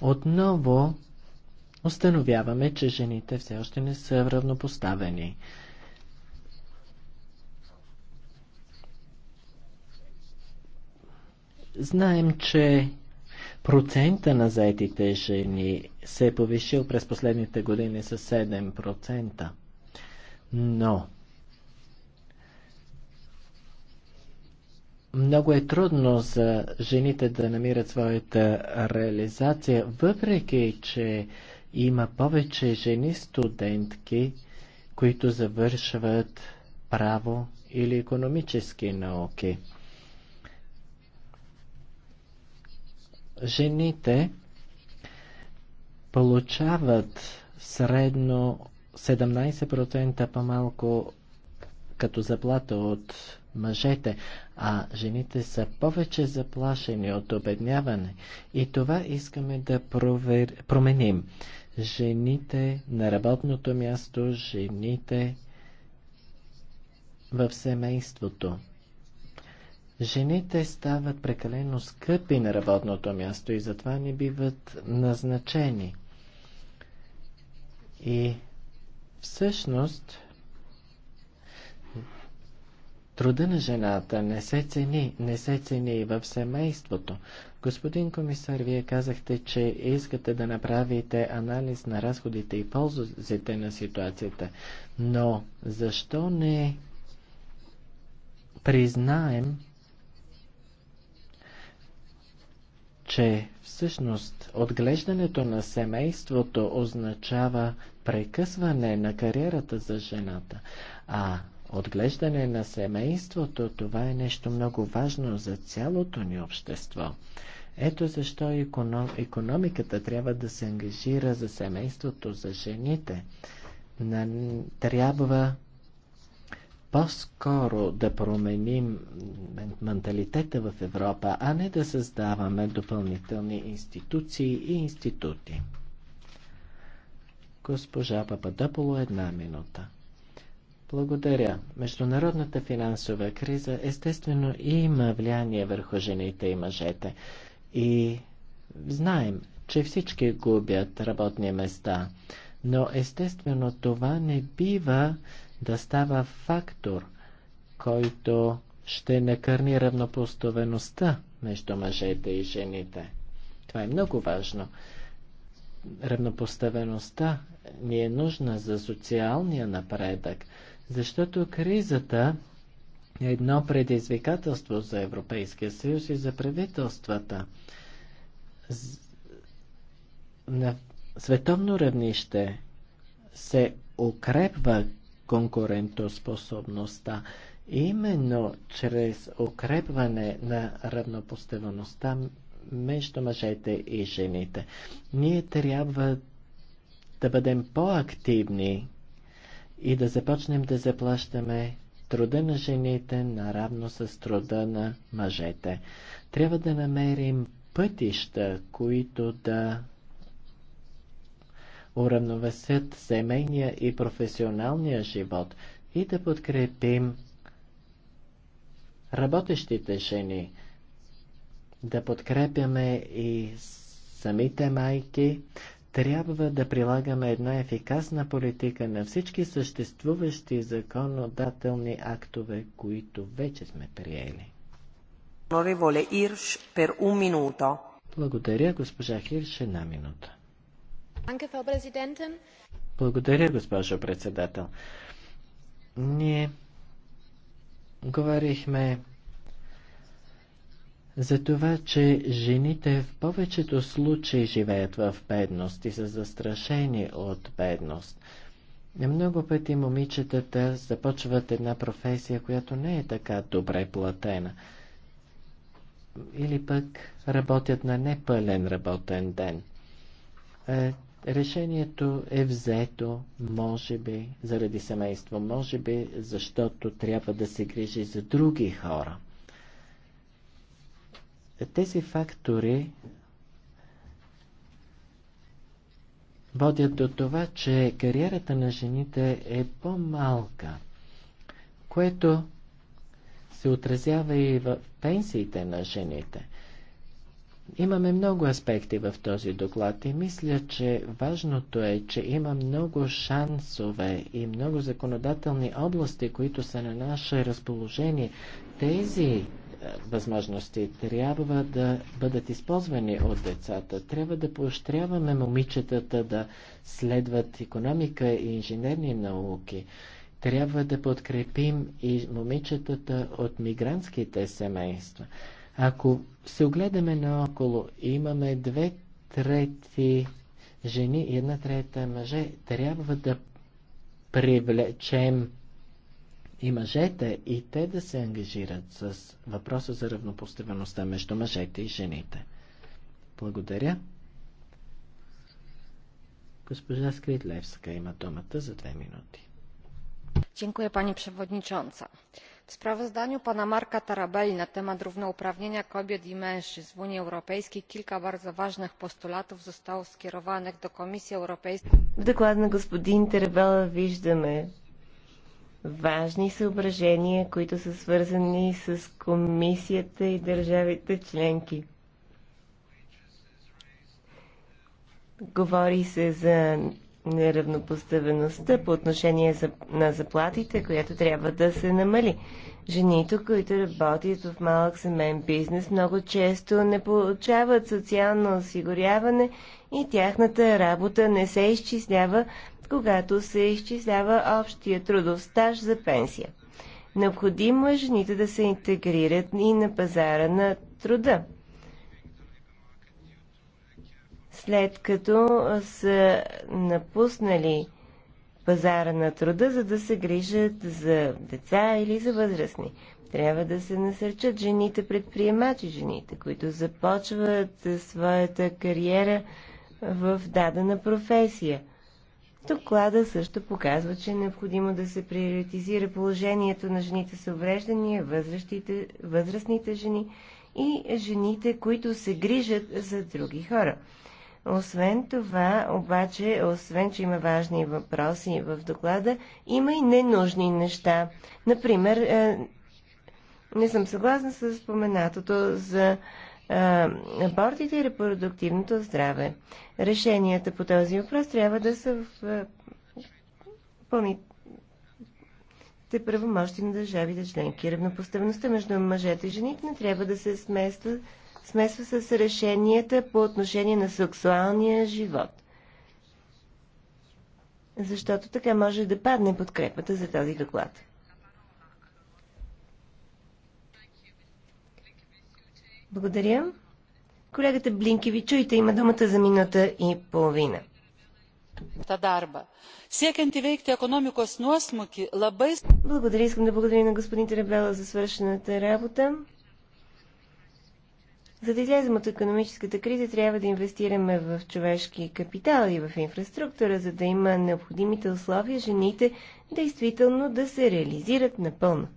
отново установяваме, че жените все още не са равнопоставени. Знаем, че процента на заетите жени се е повишил през последните години с 7%. Но много е трудно за жените да намират своята реализация, въпреки че има повече жени студентки, които завършват право или економически науки. Жените получават средно 17% по-малко като заплата от мъжете, а жените са повече заплашени от обедняване. И това искаме да провер... променим. Жените на работното място, жените в семейството. Жените стават прекалено скъпи на работното място и затова не биват назначени. И всъщност труда на жената не се цени, не се цени и в семейството. Господин комисар, вие казахте, че искате да направите анализ на разходите и ползите на ситуацията, но защо не признаем, че всъщност отглеждането на семейството означава прекъсване на кариерата за жената, а отглеждане на семейството това е нещо много важно за цялото ни общество. Ето защо економ... економиката трябва да се ангажира за семейството, за жените. На... Трябва по-скоро да променим менталитета в Европа, а не да създаваме допълнителни институции и институти. Госпожа Пападополо, една минута. Благодаря. Международната финансова криза естествено има влияние върху жените и мъжете. И знаем, че всички губят работни места. Но естествено това не бива да става фактор, който ще накърни равнопоставеността между мъжете и жените. Това е много важно. Равнопоставеността ни е нужна за социалния напредък, защото кризата е едно предизвикателство за Европейския съюз и за правителствата. На световно равнище се укрепва конкурентоспособността. Именно чрез укрепване на равнопоставеността между мъжете и жените. Ние трябва да бъдем по-активни и да започнем да заплащаме труда на жените наравно с труда на мъжете. Трябва да намерим пътища, които да уравновесят семейния и професионалния живот и да подкрепим работещите жени, да подкрепяме и самите майки, трябва да прилагаме една ефикасна политика на всички съществуващи законодателни актове, които вече сме приели. Благодаря, госпожа Хирш, една минута. Благодаря, госпожо председател. Ние говорихме за това, че жените в повечето случаи живеят в бедност и са застрашени от бедност. Много пъти момичетата започват една професия, която не е така добре платена. Или пък работят на непълен работен ден. Е, Решението е взето, може би, заради семейство, може би, защото трябва да се грижи за други хора. Тези фактори водят до това, че кариерата на жените е по-малка, което се отразява и в пенсиите на жените. Имаме много аспекти в този доклад и мисля, че важното е, че има много шансове и много законодателни области, които са на наше разположение. Тези е, възможности трябва да бъдат използвани от децата. Трябва да поощряваме момичетата да следват економика и инженерни науки. Трябва да подкрепим и момичетата от мигрантските семейства. Ако се огледаме наоколо, имаме две трети жени и една трета мъже. Трябва да привлечем и мъжете, и те да се ангажират с въпроса за равнопоставеността между мъжете и жените. Благодаря. Госпожа Скритлевска има думата за две минути. Dziękuję Pani Przewodnicząca w sprawozdaniu pana marca tarabelli na temat równouprawnienia kobiet i mężczyzn w unii europejskiej kilka bardzo ważnych postulatów zostało skierowanych do komisji europejskiej неравнопоставеността по отношение на заплатите, която трябва да се намали. Жените, които работят в малък семейен бизнес, много често не получават социално осигуряване и тяхната работа не се изчислява, когато се изчислява общия трудов стаж за пенсия. Необходимо е жените да се интегрират и на пазара на труда след като са напуснали пазара на труда, за да се грижат за деца или за възрастни. Трябва да се насърчат жените предприемачи, жените, които започват своята кариера в дадена професия. Доклада също показва, че е необходимо да се приоритизира положението на жените с увреждания, възрастните, възрастните жени и жените, които се грижат за други хора. Освен това, обаче, освен, че има важни въпроси в доклада, има и ненужни неща. Например, е, не съм съгласна с споменатото за е, абортите и репродуктивното здраве. Решенията по този въпрос трябва да са в е, пълните правомощи на държавите членки. Равнопоставеността между мъжете и жените не трябва да се смества смесва с решенията по отношение на сексуалния живот. Защото така може да падне подкрепата за този доклад. Благодаря. Колегата Блинки, ви чуйте, има думата за минута и половина. Благодаря, искам да благодаря на господин Теребела за свършената работа. За да излезем от економическата криза, трябва да инвестираме в човешки капитал и в инфраструктура, за да има необходимите условия жените действително да се реализират напълно.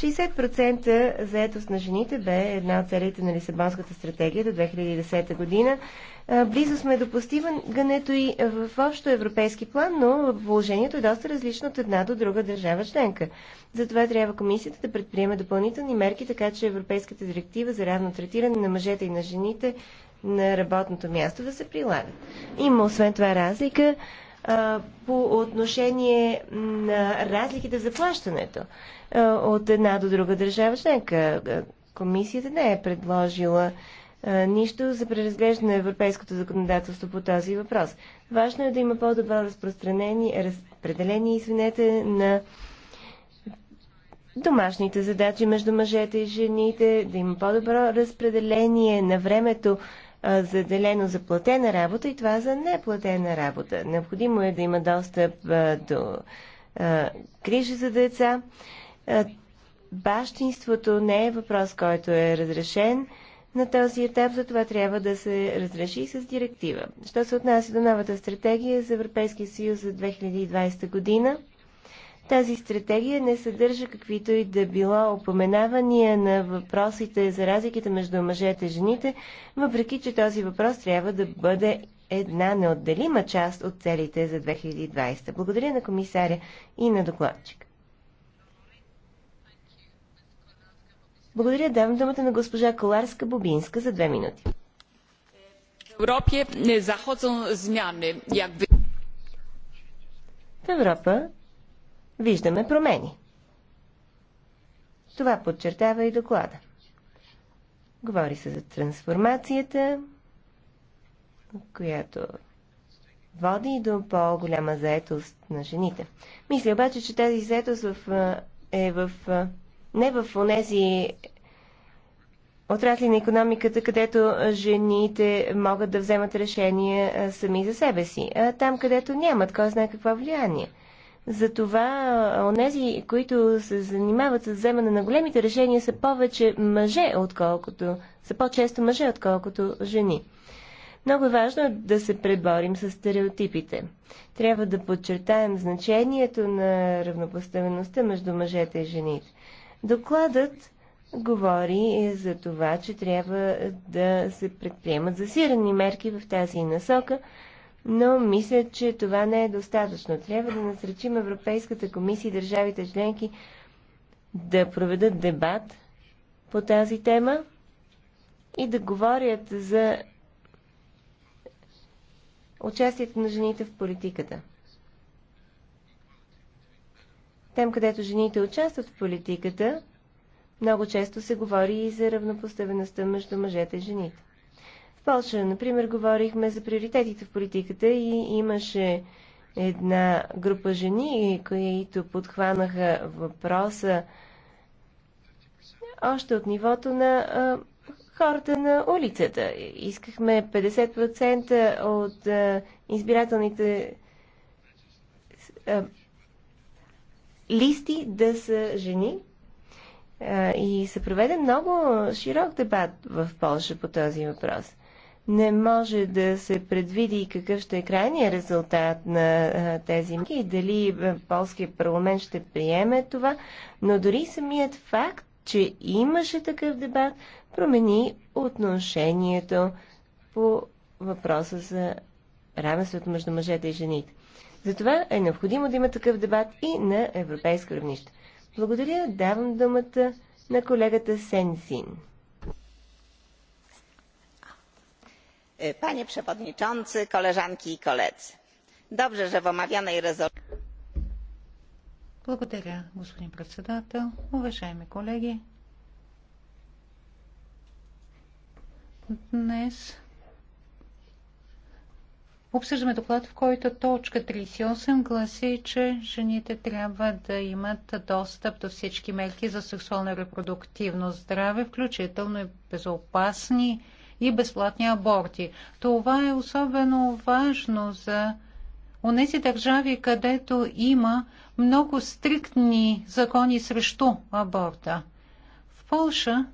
60% заетост на жените бе една от целите на Лисабонската стратегия до 2010 година. Близо сме до постигането и в общо европейски план, но положението е доста различно от една до друга държава членка. Затова трябва комисията да предприеме допълнителни мерки, така че Европейската директива за равно третиране на мъжете и на жените на работното място да се прилагат. Има освен това разлика по отношение на разликите за плащането от една до друга държава членка. Комисията не е предложила нищо за преразглеждане на европейското законодателство по този въпрос. Важно е да има по-добро разпространение, разпределение, извинете, на домашните задачи между мъжете и жените, да има по-добро разпределение на времето заделено за платена работа и това за неплатена работа. Необходимо е да има достъп до грижи за деца. Бащинството не е въпрос, който е разрешен на този етап, за това трябва да се разреши с директива. Що се отнася до новата стратегия за Европейския съюз за 2020 година, тази стратегия не съдържа каквито и да било опоменавания на въпросите за разликите между мъжете и жените, въпреки че този въпрос трябва да бъде една неотделима част от целите за 2020. Благодаря на комисаря и на докладчик. Благодаря. Давам думата на госпожа Коларска-Бубинска за две минути. В Европа виждаме промени. Това подчертава и доклада. Говори се за трансформацията, която води до по-голяма заетост на жените. Мисля обаче, че тази заетост е в, не в онези отрасли на економиката, където жените могат да вземат решения сами за себе си, а там, където нямат кой знае какво влияние. Затова онези, които се занимават с вземане на големите решения, са повече мъже, отколкото, са по-често мъже, отколкото жени. Много е важно да се преборим с стереотипите. Трябва да подчертаем значението на равнопоставеността между мъжете и жените. Докладът говори за това, че трябва да се предприемат засирани мерки в тази насока, но мисля, че това не е достатъчно. Трябва да насречим Европейската комисия и държавите членки да проведат дебат по тази тема и да говорят за участието на жените в политиката. Там, където жените участват в политиката, много често се говори и за равнопоставеността между мъжете и жените. В Польша, например, говорихме за приоритетите в политиката и имаше една група жени, които подхванаха въпроса още от нивото на а, хората на улицата. Искахме 50% от а, избирателните а, листи да са жени. А, и се проведе много широк дебат в Польша по този въпрос не може да се предвиди какъв ще е крайният резултат на тези мерки и дали полския парламент ще приеме това, но дори самият факт, че имаше такъв дебат, промени отношението по въпроса за равенството между мъжете и жените. Затова е необходимо да има такъв дебат и на европейско равнище. Благодаря, давам думата на колегата Сенсин. E, panie przewodniczący koleżanki i koledzy! dobrze że w omawianej rezolucji Благодаря, господин председател. Уважаеми колеги, днес обсъждаме доклад, в който точка 38 гласи, че жените трябва да имат достъп до всички мерки за сексуално и репродуктивно здраве, включително и безопасни и безплатни аборти. Това е особено важно за онези държави, където има много стриктни закони срещу аборта. В Полша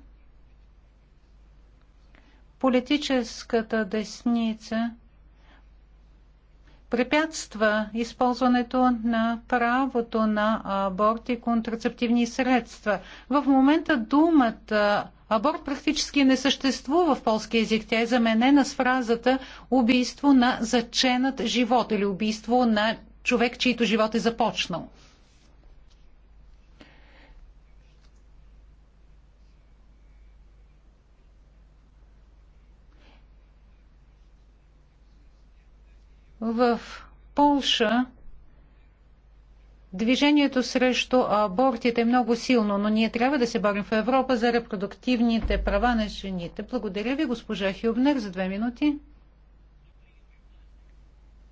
политическата десница препятства използването на правото на аборти, и контрацептивни средства. В момента думата Аборт практически не съществува в полски язик. Тя е заменена с фразата убийство на заченат живот или убийство на човек, чийто живот е започнал. В Полша Движението срещу абортите е много силно, но ние трябва да се борим в Европа за репродуктивните права на жените. Благодаря ви, госпожа Хюбнер, за две минути.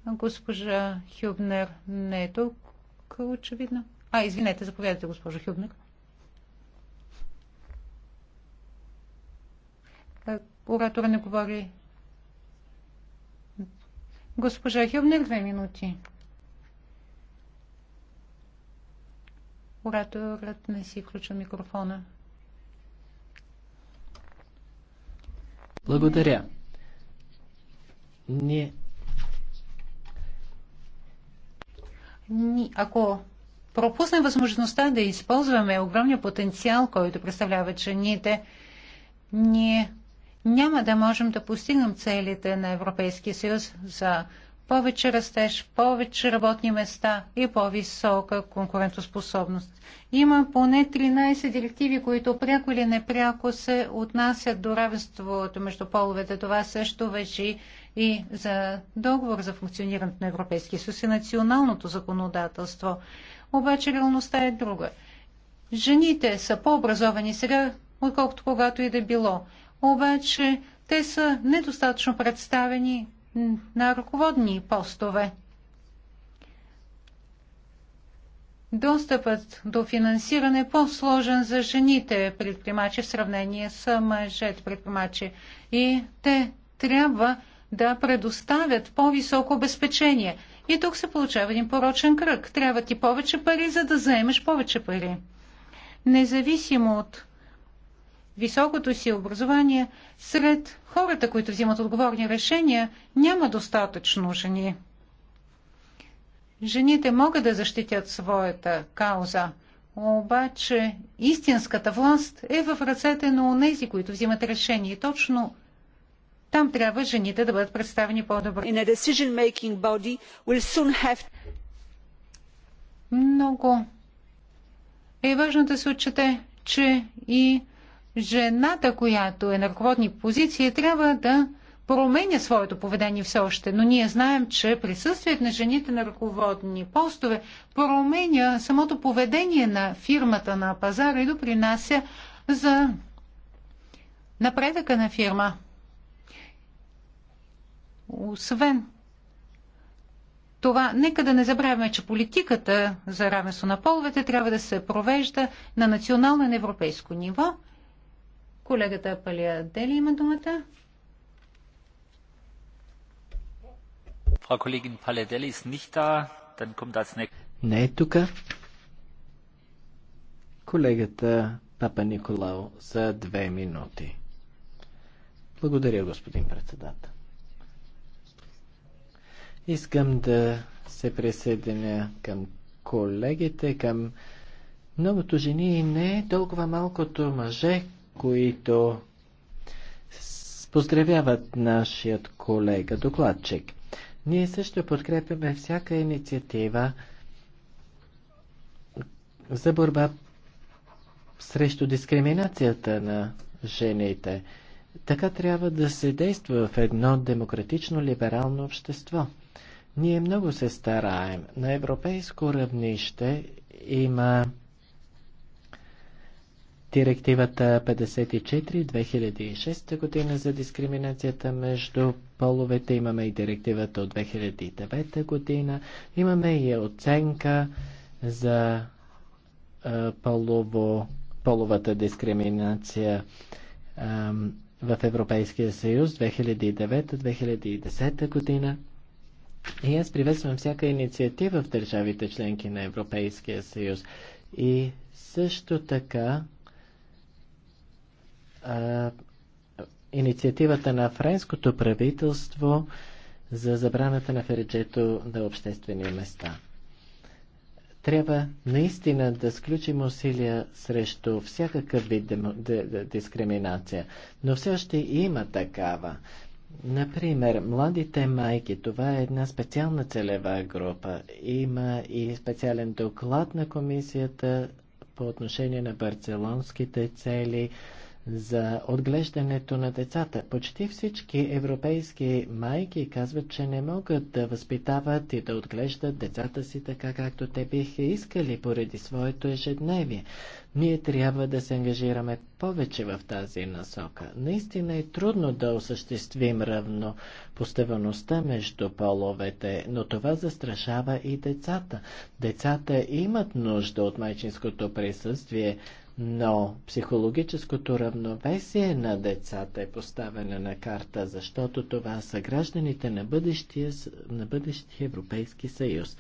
Госпожа Хюбнер не е толкова очевидно. А, извинете, заповядайте, госпожа Хюбнер. Е, оратора не говори. Госпожа Хюбнер, две минути. Ораторът не си включва микрофона. Благодаря. Не. ако пропуснем възможността да използваме огромния потенциал, който представлява жените, ние няма да можем да постигнем целите на Европейския съюз за повече растеж, повече работни места и по-висока конкурентоспособност. Има поне 13 директиви, които пряко или непряко се отнасят до равенството между половете. Това също вече и за договор за функционирането на Европейския съюз и националното законодателство. Обаче реалността е друга. Жените са по-образовани сега, отколкото когато и да било. Обаче те са недостатъчно представени на ръководни постове. Достъпът до финансиране е по-сложен за жените предприемачи в сравнение с мъжете предприемачи и те трябва да предоставят по-високо обезпечение. И тук се получава един порочен кръг. Трябва ти повече пари, за да заемеш повече пари. Независимо от високото си образование, сред хората, които взимат отговорни решения, няма достатъчно жени. Жените могат да защитят своята кауза, обаче истинската власт е в ръцете на онези, които взимат решение. точно там трябва жените да бъдат представени по-добре. Много е важно да се отчете, че и жената, която е на ръководни позиции, трябва да променя своето поведение все още, но ние знаем, че присъствието на жените на ръководни постове променя самото поведение на фирмата на пазара и допринася за напредъка на фирма. Освен това, нека да не забравяме, че политиката за равенство на половете трябва да се провежда на национално и европейско ниво – Колегата Палия Дели има думата. Frau Kollegin Paladelli ist nicht da, dann kommt als nächstes. Не е тук. Колегата Папа Николао за две минути. Благодаря, господин председател. Искам да се присъединя към колегите, към многото жени и не толкова малкото мъже, които поздравяват нашият колега докладчик. Ние също подкрепяме всяка инициатива за борба срещу дискриминацията на жените. Така трябва да се действа в едно демократично либерално общество. Ние много се стараем. На европейско равнище има Директивата 54-2006 година за дискриминацията между половете. Имаме и директивата от 2009 година. Имаме и оценка за полово, половата дискриминация в Европейския съюз 2009-2010 година. И аз приветствам всяка инициатива в държавите членки на Европейския съюз. И също така инициативата на френското правителство за забраната на фериджето на обществени места. Трябва наистина да сключим усилия срещу всякакъв вид дискриминация, но все още има такава. Например, младите майки, това е една специална целева група. Има и специален доклад на комисията по отношение на барцелонските цели, за отглеждането на децата. Почти всички европейски майки казват, че не могат да възпитават и да отглеждат децата си така, както те биха искали поради своето ежедневие. Ние трябва да се ангажираме повече в тази насока. Наистина е трудно да осъществим равно поставеността между половете, но това застрашава и децата. Децата имат нужда от майчинското присъствие, но психологическото равновесие на децата е поставено на карта, защото това са гражданите на бъдещия, на бъдещия Европейски съюз.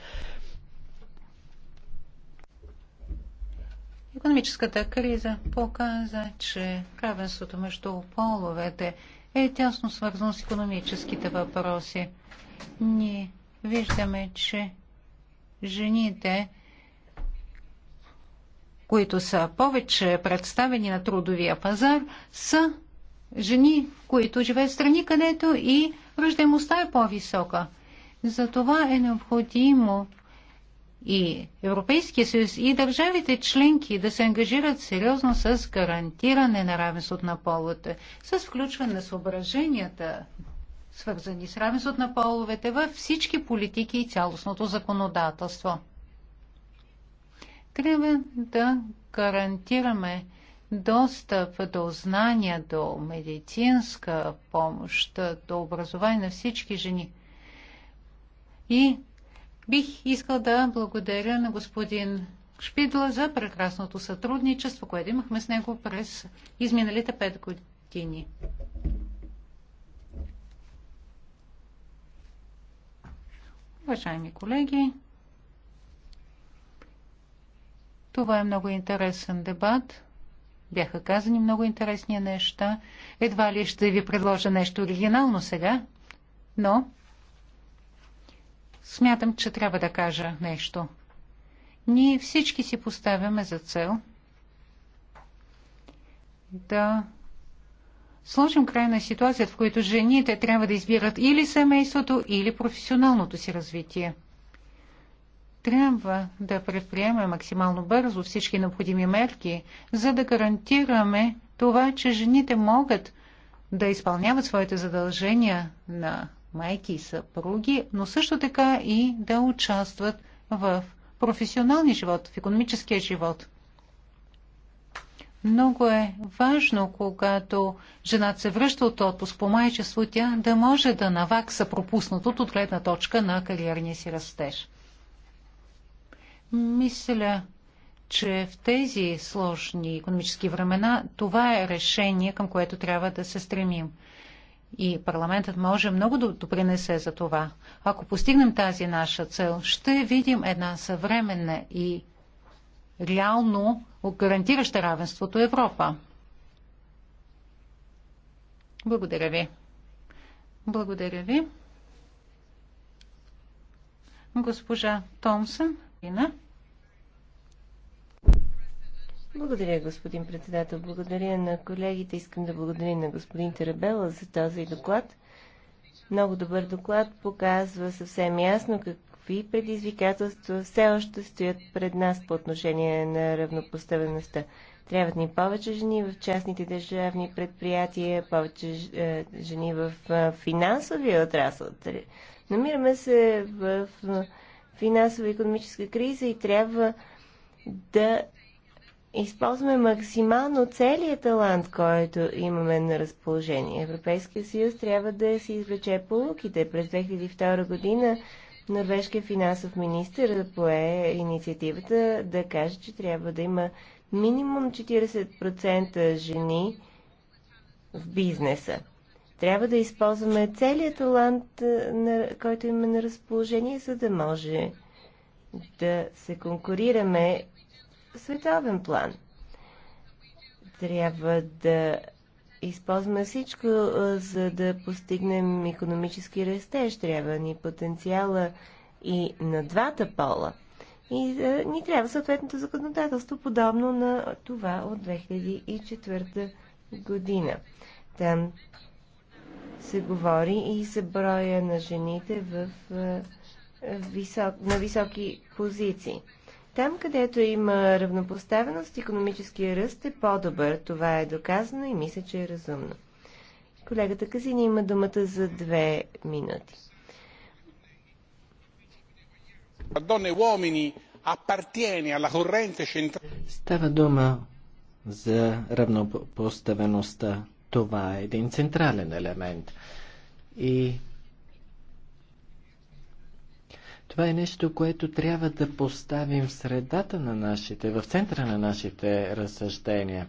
Економическата криза показа, че равенството между половете е тясно свързано с економическите въпроси. Ние виждаме, че жените които са повече представени на трудовия пазар, са жени, които живеят в страни, където и ръждаемостта е по-висока. Затова е необходимо и Европейския съюз, и държавите членки да се ангажират сериозно с гарантиране на равенството на половете, с включване на съображенията, свързани с равенството на половете във всички политики и цялостното законодателство. Трябва да гарантираме достъп до знания, до медицинска помощ, до образование на всички жени. И бих искал да благодаря на господин Шпидла за прекрасното сътрудничество, което имахме с него през изминалите пет години. Уважаеми колеги, Това е много интересен дебат. Бяха казани много интересни неща. Едва ли ще ви предложа нещо оригинално сега, но смятам, че трябва да кажа нещо. Ние всички си поставяме за цел да сложим край на ситуацията, в която жените трябва да избират или семейството, или професионалното си развитие. Трябва да предприеме максимално бързо всички необходими мерки, за да гарантираме това, че жените могат да изпълняват своите задължения на майки и съпруги, но също така и да участват в професионалния живот, в економическия живот. Много е важно, когато жената се връща от отпуск по майчество, тя да може да навакса пропуснатото от гледна точка на кариерния си растеж. Мисля, че в тези сложни економически времена това е решение, към което трябва да се стремим. И парламентът може много да допринесе за това. Ако постигнем тази наша цел, ще видим една съвременна и реално гарантираща равенството Европа. Благодаря ви. Благодаря ви. Госпожа Томсън. Благодаря, господин председател. Благодаря на колегите. Искам да благодаря на господин Тарабела за този доклад. Много добър доклад показва съвсем ясно какви предизвикателства все още стоят пред нас по отношение на равнопоставеността. Трябват ни повече жени в частните държавни предприятия, повече е, жени в е, финансовия отрасъл. Намираме се в е, финансова и економическа криза и трябва да използваме максимално целият талант, който имаме на разположение. Европейския съюз трябва да си извлече полуките. През 2002 година норвежкия финансов министр пое инициативата да каже, че трябва да има минимум 40% жени в бизнеса. Трябва да използваме целият талант, е, който имаме на разположение, за да може да се конкурираме в световен план. Трябва да използваме всичко, е, за да постигнем економически растеж. Трябва ни потенциала и на двата пола. И да, е, ни трябва съответното законодателство, подобно на това от 2004 година. Там се говори и за броя на жените в, е, висок, на високи позиции. Там, където има равнопоставеност, економическия ръст е по-добър. Това е доказано и мисля, че е разумно. Колегата Казини има думата за две минути. Става дума за равнопоставеността това е един централен елемент. И това е нещо, което трябва да поставим в средата на нашите, в центъра на нашите разсъждения.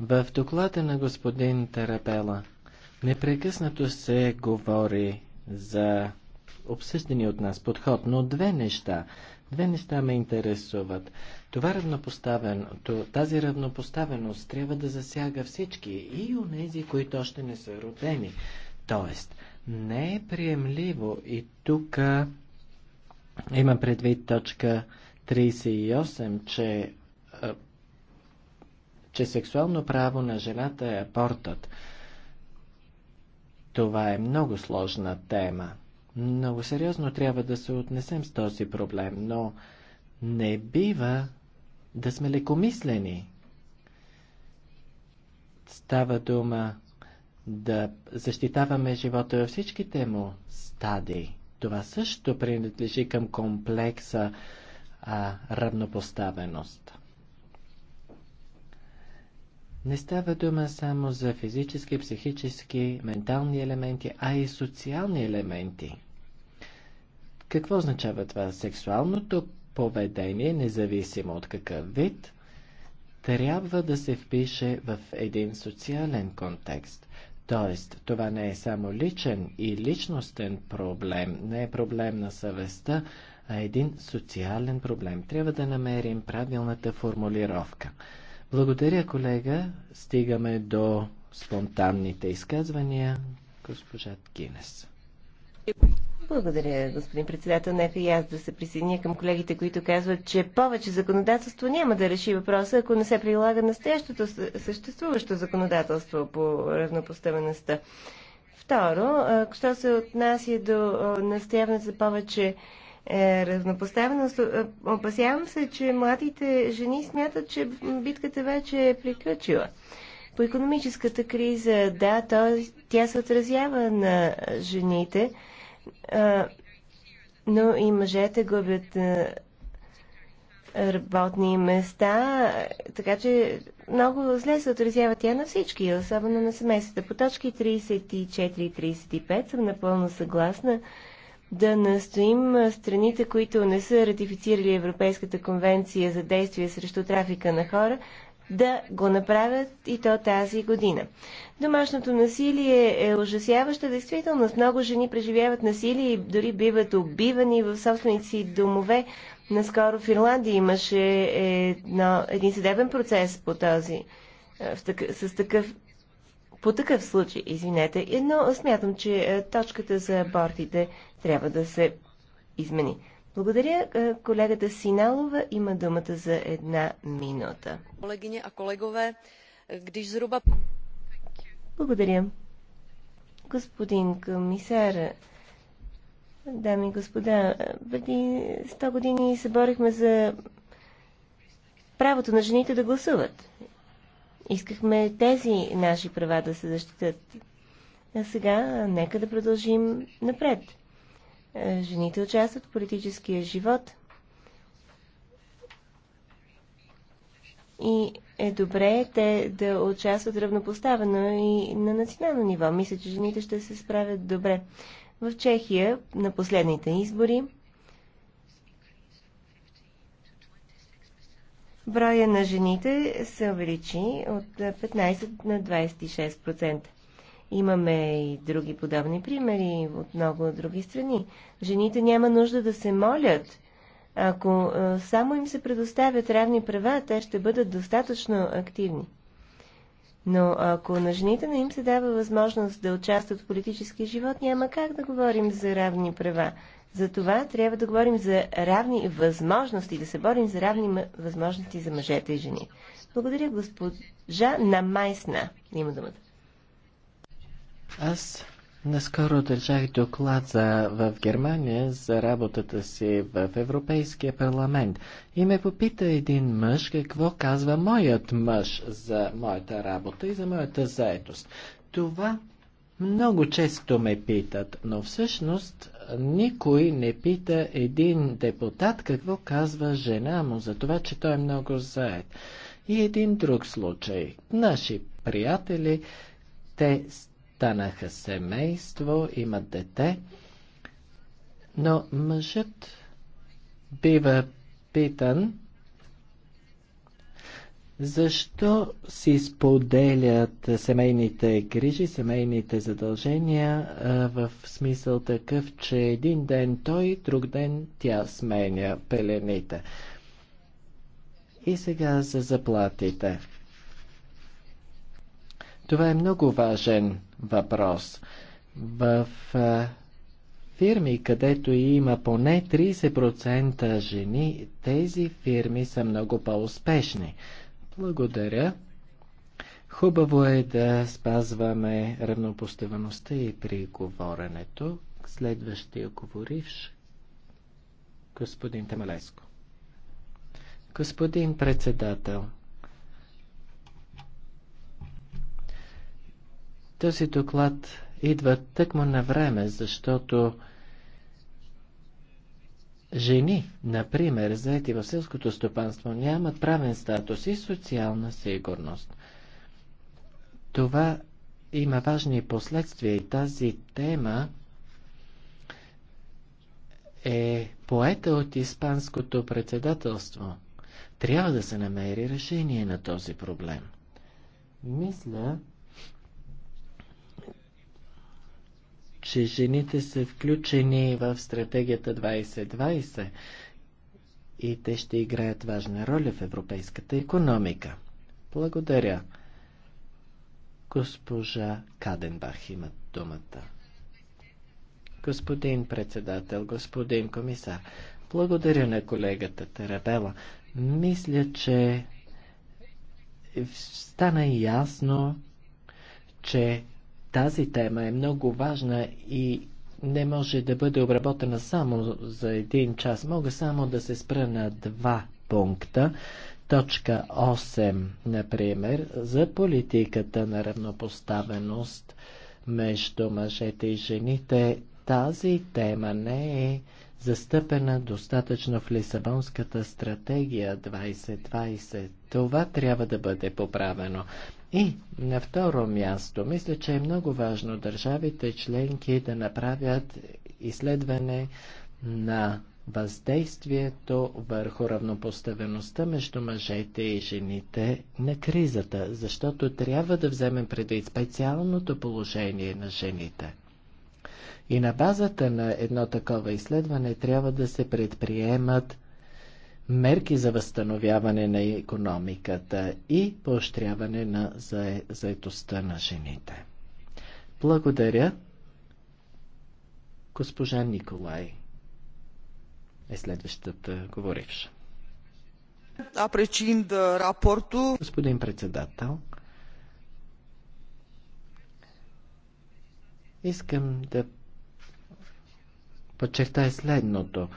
В доклада на господин Терапела непрекъснато се говори за обсъждани от нас подход, но две неща. Две неща ме интересуват. Това равнопоставен, тази равнопоставеност трябва да засяга всички и онези, които още не са родени. Тоест, не е приемливо и тук има предвид точка 38, че, че сексуално право на жената е абортът. Това е много сложна тема. Много сериозно трябва да се отнесем с този проблем, но не бива да сме лекомислени. Става дума да защитаваме живота във всичките му стадии. Това също принадлежи към комплекса а, равнопоставеност. Не става дума само за физически, психически, ментални елементи, а и социални елементи. Какво означава това? Сексуалното поведение, независимо от какъв вид, трябва да се впише в един социален контекст. Тоест, това не е само личен и личностен проблем, не е проблем на съвестта, а е един социален проблем. Трябва да намерим правилната формулировка. Благодаря, колега. Стигаме до спонтанните изказвания. Госпожа Кинес. Благодаря, господин председател. Нека и аз да се присъединя към колегите, които казват, че повече законодателство няма да реши въпроса, ако не се прилага настоящото съществуващо законодателство по равнопоставеността. Второ, що се отнася до настояване за повече е, равнопоставеност, опасявам се, че младите жени смятат, че битката вече е приключила. По економическата криза, да, той, тя се отразява на жените, но и мъжете губят работни места, така че много зле се отразява тя на всички, особено на семействата. По точки 34 и 35 съм напълно съгласна да настоим страните, които не са ратифицирали Европейската конвенция за действие срещу трафика на хора, да го направят и то тази година. Домашното насилие е ужасяващо. Действително, много жени преживяват насилие и дори биват убивани в собствените си домове. Наскоро в Ирландия имаше едно, един съдебен процес по този, в такъв, с такъв, по такъв случай, извинете. Но смятам, че точката за абортите трябва да се измени. Благодаря. Е, колегата Синалова има думата за една минута. Колегиня а колегове, гдиш зруба... Благодаря. Господин комисар, дами и господа, преди 100 години се борихме за правото на жените да гласуват. Искахме тези наши права да се защитат. А сега нека да продължим напред жените участват в политическия живот. И е добре те да участват равнопоставено и на национално ниво. Мисля, че жените ще се справят добре. В Чехия на последните избори броя на жените се увеличи от 15 на 26%. Имаме и други подобни примери от много други страни. Жените няма нужда да се молят. Ако само им се предоставят равни права, те ще бъдат достатъчно активни. Но ако на жените не им се дава възможност да участват в политически живот, няма как да говорим за равни права. За това трябва да говорим за равни възможности, да се борим за равни възможности за мъжете и жени. Благодаря госпожа Намайсна. Има думата. Аз наскоро държах доклад за, в Германия за работата си в Европейския парламент и ме попита един мъж какво казва моят мъж за моята работа и за моята заедост. Това много често ме питат, но всъщност никой не пита един депутат какво казва жена му за това, че той е много заед. И един друг случай. Наши приятели, те станаха семейство, имат дете, но мъжът бива питан защо си споделят семейните грижи, семейните задължения в смисъл такъв, че един ден той, друг ден тя сменя пелените. И сега за заплатите. Това е много важен въпрос. В фирми, където има поне 30% жени, тези фирми са много по-успешни. Благодаря. Хубаво е да спазваме равнопоставеността и при говоренето. Следващия говоривш господин Тамалеско. Господин председател, Този доклад идва тъкмо на време, защото жени, например, заети в селското стопанство, нямат правен статус и социална сигурност. Това има важни последствия и тази тема е поета от Испанското председателство. Трябва да се намери решение на този проблем. Мисля, че жените са включени в стратегията 2020 и те ще играят важна роля в европейската економика. Благодаря. Госпожа Каденбах има думата. Господин председател, господин комисар, благодаря на колегата Терабела. Мисля, че стана ясно, че тази тема е много важна и не може да бъде обработена само за един час. Мога само да се спра на два пункта. Точка 8, например, за политиката на равнопоставеност между мъжете и жените, тази тема не е застъпена достатъчно в Лисабонската стратегия 2020. Това трябва да бъде поправено. И на второ място, мисля, че е много важно държавите членки да направят изследване на въздействието върху равнопоставеността между мъжете и жените на кризата, защото трябва да вземем предвид специалното положение на жените. И на базата на едно такова изследване трябва да се предприемат мерки за възстановяване на економиката и поощряване на заетостта на жените. Благодаря. Госпожа Николай е следващата говоривша. да рапорту... Господин председател, искам да подчертая следното.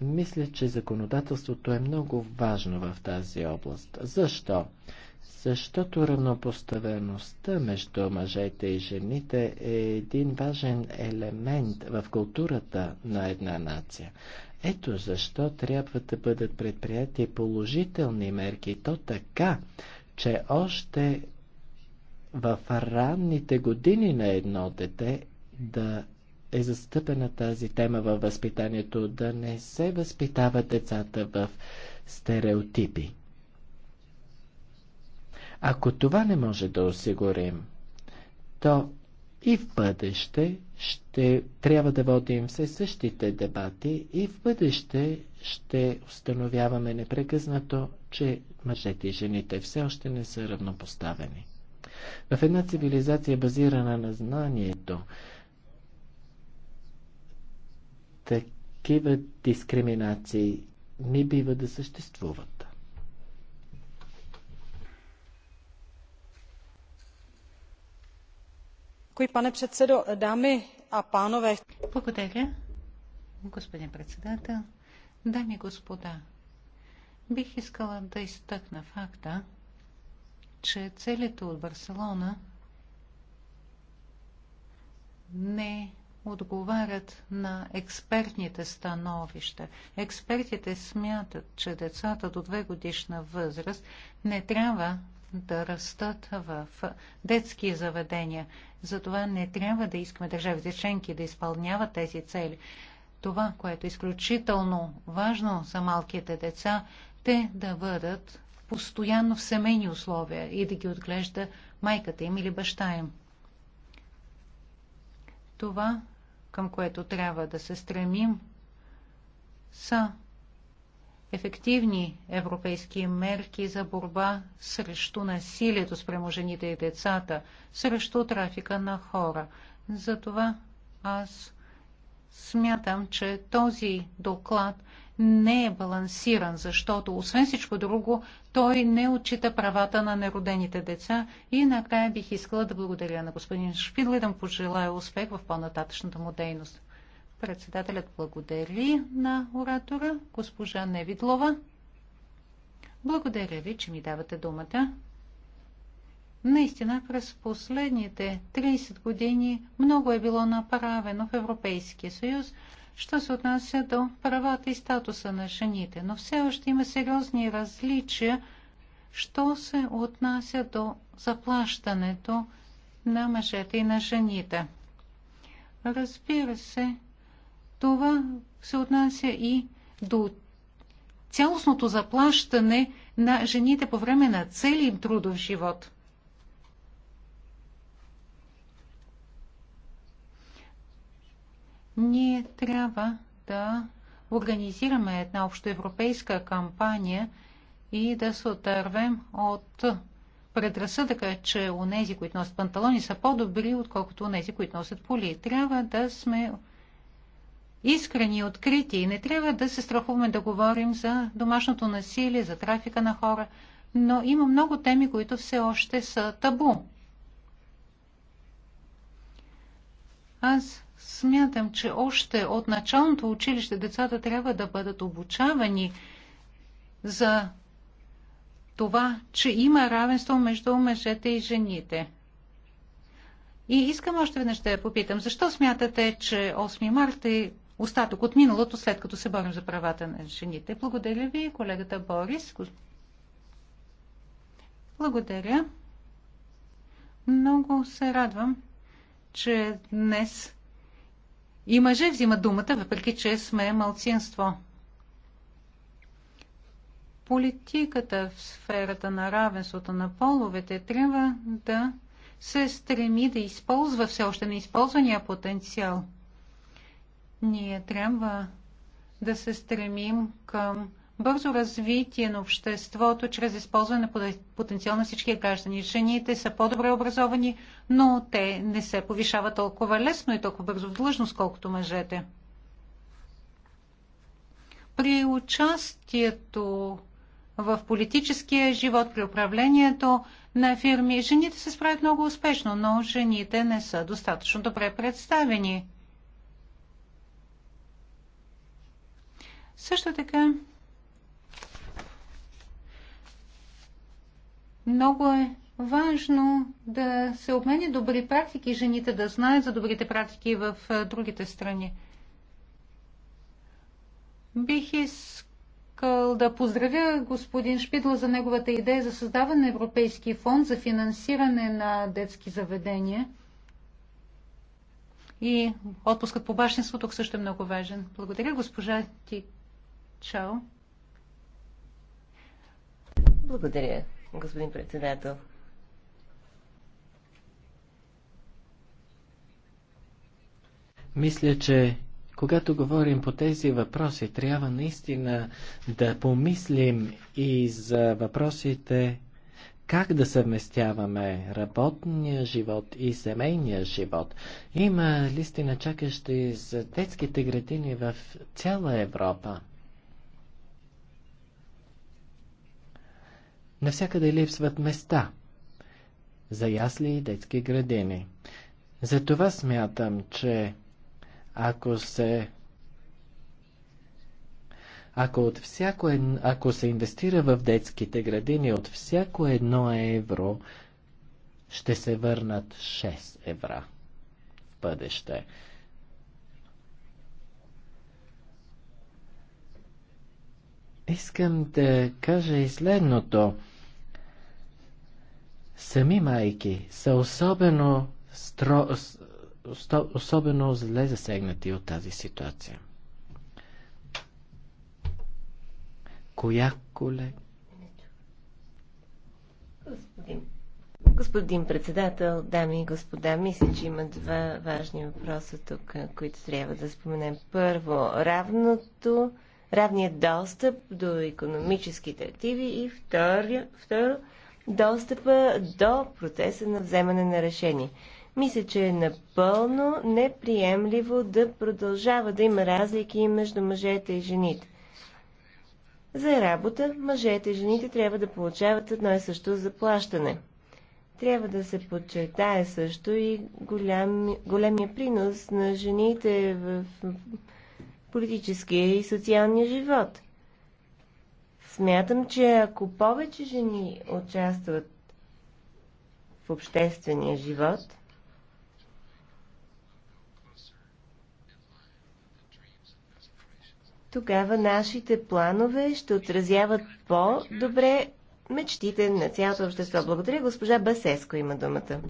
Мисля, че законодателството е много важно в тази област. Защо? Защото равнопоставеността между мъжете и жените е един важен елемент в културата на една нация. Ето защо трябва да бъдат предприяти положителни мерки, то така, че още в ранните години на едно дете да е застъпена тази тема във възпитанието, да не се възпитават децата в стереотипи. Ако това не може да осигурим, то и в бъдеще ще трябва да водим все същите дебати и в бъдеще ще установяваме непрекъснато, че мъжете и жените все още не са равнопоставени. В една цивилизация базирана на знанието, такива дискриминации не бива да съществуват. pane předsedo, dámy a pánové. Благодаря, господин председател. Дами и господа, бих искала да изтъкна факта, че целите от Барселона не отговарят на експертните становища. Експертите смятат, че децата до 2 годишна възраст не трябва да растат в детски заведения. Затова не трябва да искаме държавите членки да изпълняват тези цели. Това, което е изключително важно за малките деца, те да бъдат постоянно в семейни условия и да ги отглежда майката им или баща им. Това към което трябва да се стремим, са ефективни европейски мерки за борба срещу насилието спрямо жените и децата, срещу трафика на хора. Затова аз смятам, че този доклад не е балансиран, защото освен всичко друго, той не отчита правата на неродените деца. И накрая бих искала да благодаря на господин Шпидл и да му пожелая успех в по-нататъчната му дейност. Председателят благодари на оратора, госпожа Невидлова. Благодаря ви, че ми давате думата. Наистина, през последните 30 години много е било направено в Европейския съюз що се отнася до правата и статуса на жените, но все още има сериозни различия, що се отнася до заплащането на мъжете и на жените. Разбира се, това се отнася и до цялостното заплащане на жените по време на целият трудов живот – Ние трябва да организираме една общоевропейска кампания и да се отървем от предразсъдъка, че нези, които носят панталони, са по-добри, отколкото онези, които носят поли. Трябва да сме искрени и открити и не трябва да се страхуваме да говорим за домашното насилие, за трафика на хора, но има много теми, които все още са табу. Аз Смятам, че още от началното училище децата трябва да бъдат обучавани за това, че има равенство между мъжете и жените. И искам още веднъж да я попитам, защо смятате, че 8 марта е остатък от миналото, след като се борим за правата на жените? Благодаря ви, колегата Борис. Благодаря. Много се радвам, че днес и мъже взима думата, въпреки че сме малцинство. Политиката в сферата на равенството на половете трябва да се стреми да използва все още неизползвания потенциал. Ние трябва да се стремим към бързо развитие на обществото чрез използване на потенциално всички граждани. Жените са по-добре образовани, но те не се повишават толкова лесно и толкова бързо в длъжност, колкото мъжете. При участието в политическия живот, при управлението на фирми, жените се справят много успешно, но жените не са достатъчно добре представени. Също така Много е важно да се обменят добри практики, жените да знаят за добрите практики в другите страни. Бих искал да поздравя господин Шпидла за неговата идея за създаване на Европейски фонд за финансиране на детски заведения. И отпускът по бащинство тук също е много важен. Благодаря, госпожа Ти. Чао. Благодаря, господин председател. Мисля, че когато говорим по тези въпроси, трябва наистина да помислим и за въпросите как да съвместяваме работния живот и семейния живот. Има листи на чакащи за детските градини в цяла Европа. Навсякъде липсват места за ясли и детски градини. Затова смятам, че ако се ако, от всяко едно, ако се инвестира в детските градини, от всяко едно евро ще се върнат 6 евра в бъдеще. Искам да кажа и следното. Сами майки са особено, стро... особено зле засегнати от тази ситуация. Коя коле? Господин. Господин председател, дами и господа, мисля, че има два важни въпроса тук, които трябва да споменем. Първо, равното равният достъп до економическите активи и второ, второ достъпа до процеса на вземане на решение. Мисля, че е напълно неприемливо да продължава да има разлики между мъжете и жените. За работа мъжете и жените трябва да получават едно и също заплащане. Трябва да се подчертае също и голям, големия принос на жените в политическия и социалния живот. Смятам, че ако повече жени участват в обществения живот, тогава нашите планове ще отразяват по-добре мечтите на цялото общество. Благодаря. Госпожа Басеско има думата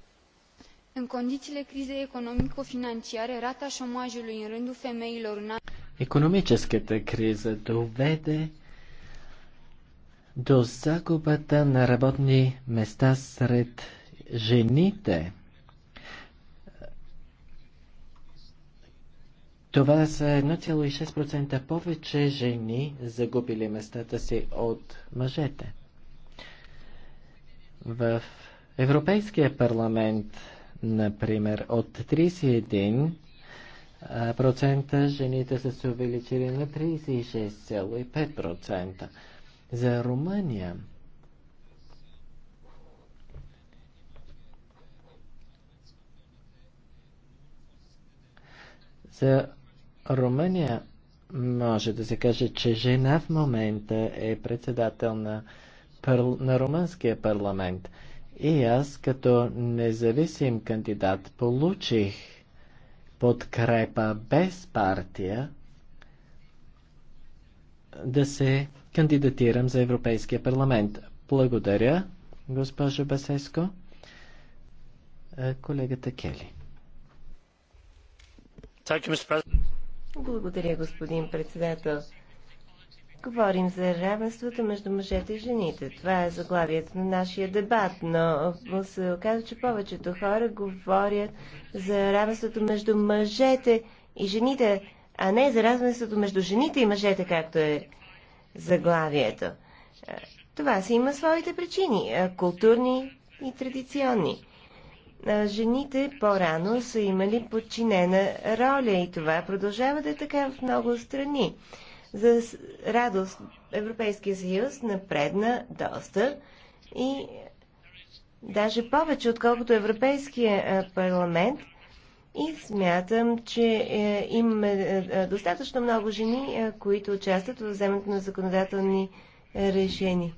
în condiiile crizei economico-financiare, rata omajului în rândul femeilor în anul. Економическата криза доведе до загубата на работни места сред жените. Това са 1,6% повече жени загубили местата си от мъжете. В Европейския парламент Например, от 31% жените са се увеличили на 36,5%. За Румъния За Румъния може да се каже, че жена в момента е председател на, пър... на румънския парламент. И аз като независим кандидат получих подкрепа без партия да се кандидатирам за Европейския парламент. Благодаря, госпожо Басеско. Е, колегата Кели. Благодаря, господин председател. Говорим за равенството между мъжете и жените. Това е заглавието на нашия дебат, но се оказва, че повечето хора говорят за равенството между мъжете и жените, а не за равенството между жените и мъжете, както е заглавието. Това си има своите причини, културни и традиционни. Жените по-рано са имали подчинена роля и това продължава да е така в много страни. За радост Европейския съюз напредна доста и даже повече, отколкото Европейския парламент. И смятам, че е, имаме е, е, достатъчно много жени, които участват в вземането на законодателни решения.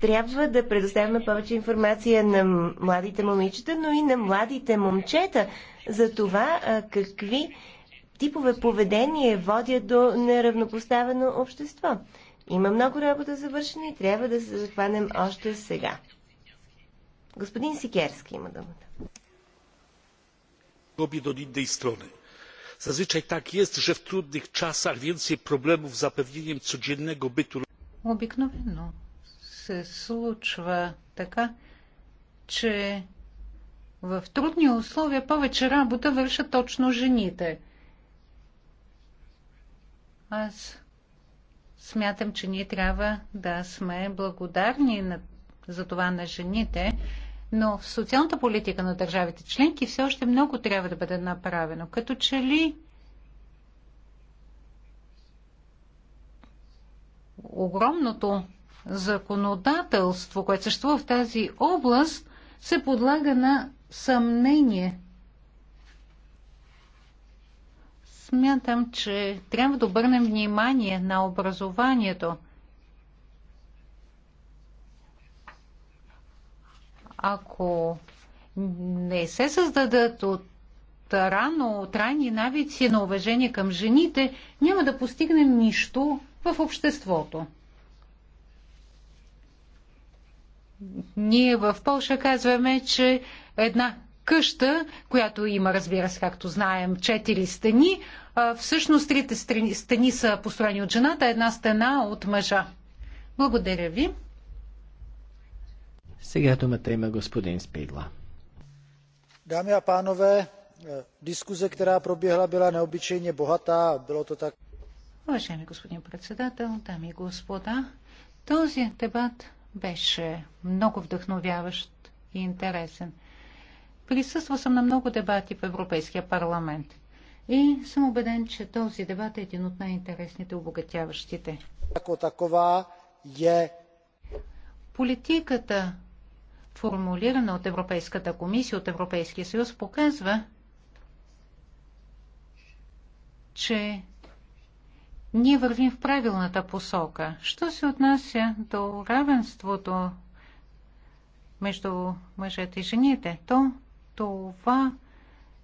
Трябва да предоставяме повече информация на младите момичета, но и на младите момчета за това какви типове поведение водят до неравнопоставено общество. Има много работа завършена и трябва да се захванем още сега. Господин Сикерски има думата. Robię do innej strony. Zazwyczaj tak jest, że w trudnych czasach więcej проблемов за zapewnieniem цудженнего bytu. Обикновено се случва така, че в трудни условия повече работа вършат точно жените. Аз смятам, че ние трябва да сме благодарни на, за това на жените, но в социалната политика на държавите членки все още много трябва да бъде направено. Като че ли огромното законодателство, което съществува в тази област, се подлага на съмнение. Смятам, че трябва да обърнем внимание на образованието. Ако не се създадат от рано, от ранни навици на уважение към жените, няма да постигнем нищо в обществото. Ние в Польша казваме, че една къща, която има, разбира се, както знаем, четири стени, всъщност трите стени, са построени от жената, една стена от мъжа. Благодаря ви. Сега думата има господин Спидла. Дами и панове, е, дискузия, která пробегла, била необичайно богата, било то така. Уважаеми господин председател, дами и господа, този дебат беше много вдъхновяващ и интересен. Присъства съм на много дебати в Европейския парламент и съм убеден, че този дебат е един от най-интересните обогатяващите. Ако такова е... Политиката, формулирана от Европейската комисия, от Европейския съюз, показва, че ние вървим в правилната посока. Що се отнася до равенството между мъжете и жените, то това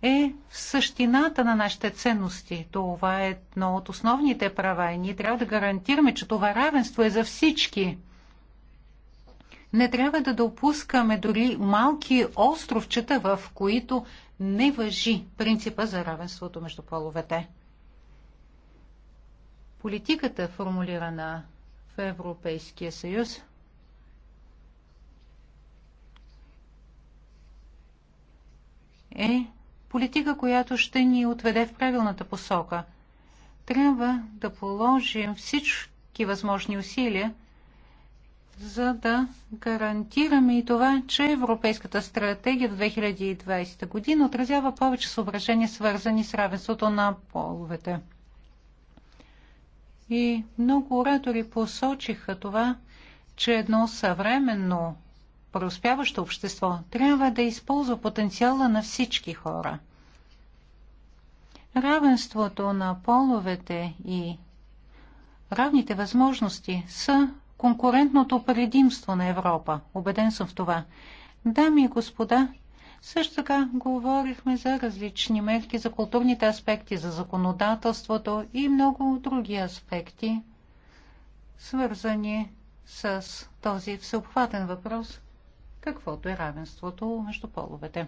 е същината на нашите ценности. Това е едно от основните права и ние трябва да гарантираме, че това равенство е за всички. Не трябва да допускаме дори малки островчета, в които не въжи принципа за равенството между половете. Политиката, формулирана в Европейския съюз, е политика, която ще ни отведе в правилната посока. Трябва да положим всички възможни усилия, за да гарантираме и това, че Европейската стратегия до 2020 година отразява повече съображения, свързани с равенството на половете. И много оратори посочиха това, че едно съвременно преуспяващо общество трябва да използва потенциала на всички хора. Равенството на половете и равните възможности са конкурентното предимство на Европа. Обеден съм в това. Дами и господа, също така говорихме за различни мерки, за културните аспекти, за законодателството и много други аспекти, свързани с този всеобхватен въпрос, каквото е равенството между половете.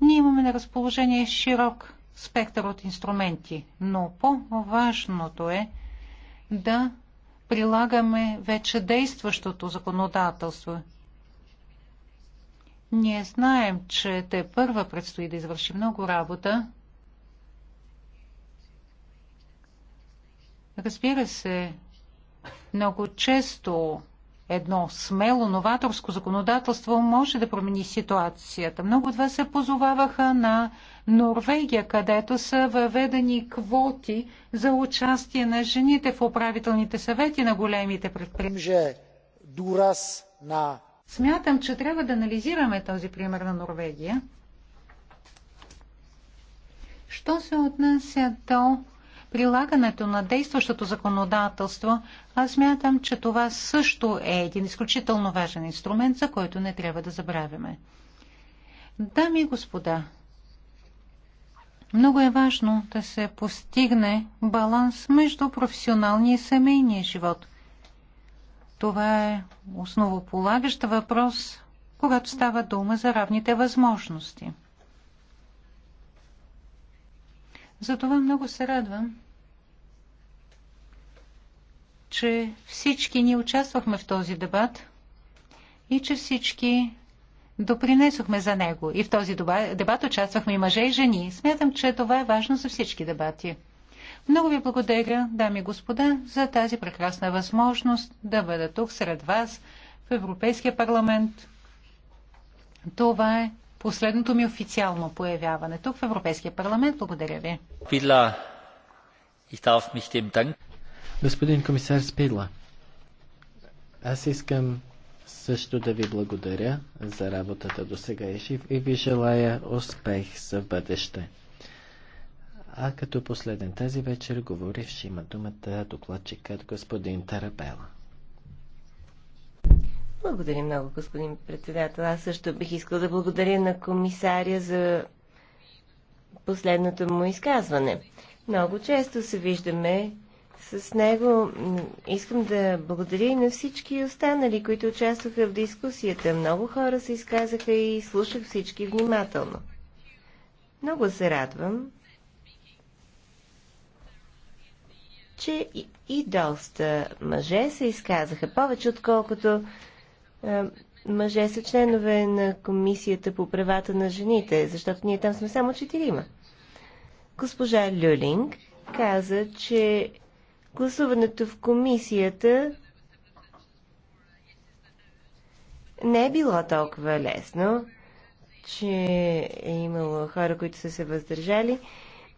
Ние имаме на разположение широк спектър от инструменти, но по-важното е да прилагаме вече действащото законодателство ние знаем, че те първа предстои да извърши много работа. Разбира се, много често едно смело новаторско законодателство може да промени ситуацията. Много от вас се позоваваха на Норвегия, където са въведени квоти за участие на жените в управителните съвети на големите предприятия. Дурас на Смятам, че трябва да анализираме този пример на Норвегия. Що се отнася до прилагането на действащото законодателство, аз мятам, че това също е един изключително важен инструмент, за който не трябва да забравяме. Дами и господа, много е важно да се постигне баланс между професионалния и семейния живот. Това е основополагащ въпрос, когато става дума за равните възможности. Затова много се радвам, че всички ние участвахме в този дебат и че всички допринесохме за него. И в този дебат участвахме и мъже и жени. Смятам, че това е важно за всички дебати. Много ви благодаря, дами и господа, за тази прекрасна възможност да бъда тук сред вас в Европейския парламент. Това е последното ми официално появяване тук в Европейския парламент. Благодаря ви. Господин комисар Спидла, аз искам също да ви благодаря за работата до сега и ви желая успех за бъдеще. А като последен тази вечер говоривши има думата докладчикът господин Тарабела. Благодаря много, господин председател. Аз също бих искал да благодаря на комисаря за последното му изказване. Много често се виждаме с него. Искам да благодаря и на всички останали, които участваха в дискусията. Много хора се изказаха и слушах всички внимателно. Много се радвам, че и, и доста мъже се изказаха повече, отколкото е, мъже са членове на Комисията по правата на жените, защото ние там сме само четирима. Госпожа Люлинг каза, че гласуването в комисията не е било толкова лесно, че е имало хора, които са се въздържали.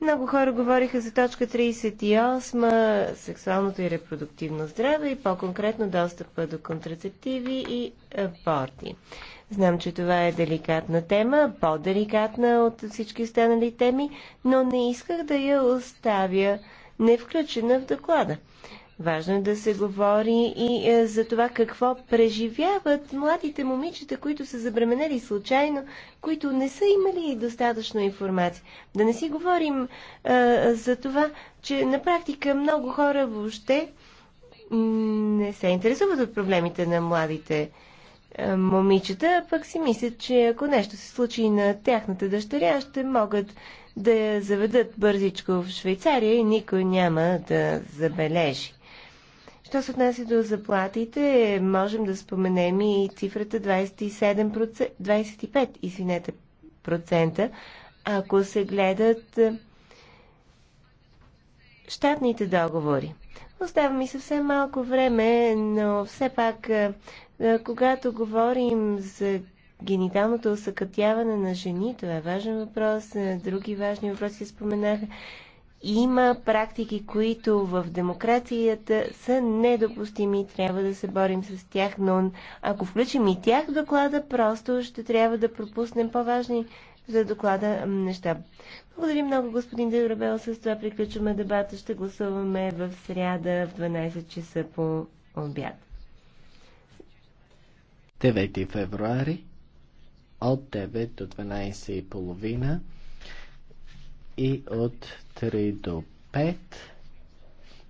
Много хора говориха за точка 38, сексуалното и репродуктивно здраве и по-конкретно достъпа до контрацептиви и аборти. Знам, че това е деликатна тема, по-деликатна от всички останали теми, но не исках да я оставя невключена в доклада. Важно е да се говори и е, за това какво преживяват младите момичета, които са забременели случайно, които не са имали достатъчно информация. Да не си говорим а, е, за това, че на практика много хора въобще не се интересуват от проблемите на младите е, а, момичета, пък си мислят, че ако нещо се случи на тяхната дъщеря, ще могат да я заведат бързичко в Швейцария и никой няма да забележи. Що се отнася до заплатите, можем да споменем и цифрата 27%, 25% извинете, процента, ако се гледат е, щатните договори. Остава ми съвсем малко време, но все пак, е, е, когато говорим за гениталното усъкътяване на жени, това е важен въпрос, други важни въпроси споменаха. Има практики, които в демокрацията са недопустими, трябва да се борим с тях, но ако включим и тях в доклада, просто ще трябва да пропуснем по-важни за доклада неща. Благодарим много, господин Дебрабел. С това приключваме дебата. Ще гласуваме в сряда в 12 часа по обяд. 9 февруари от 9 до 12 и половина и от 3 до 5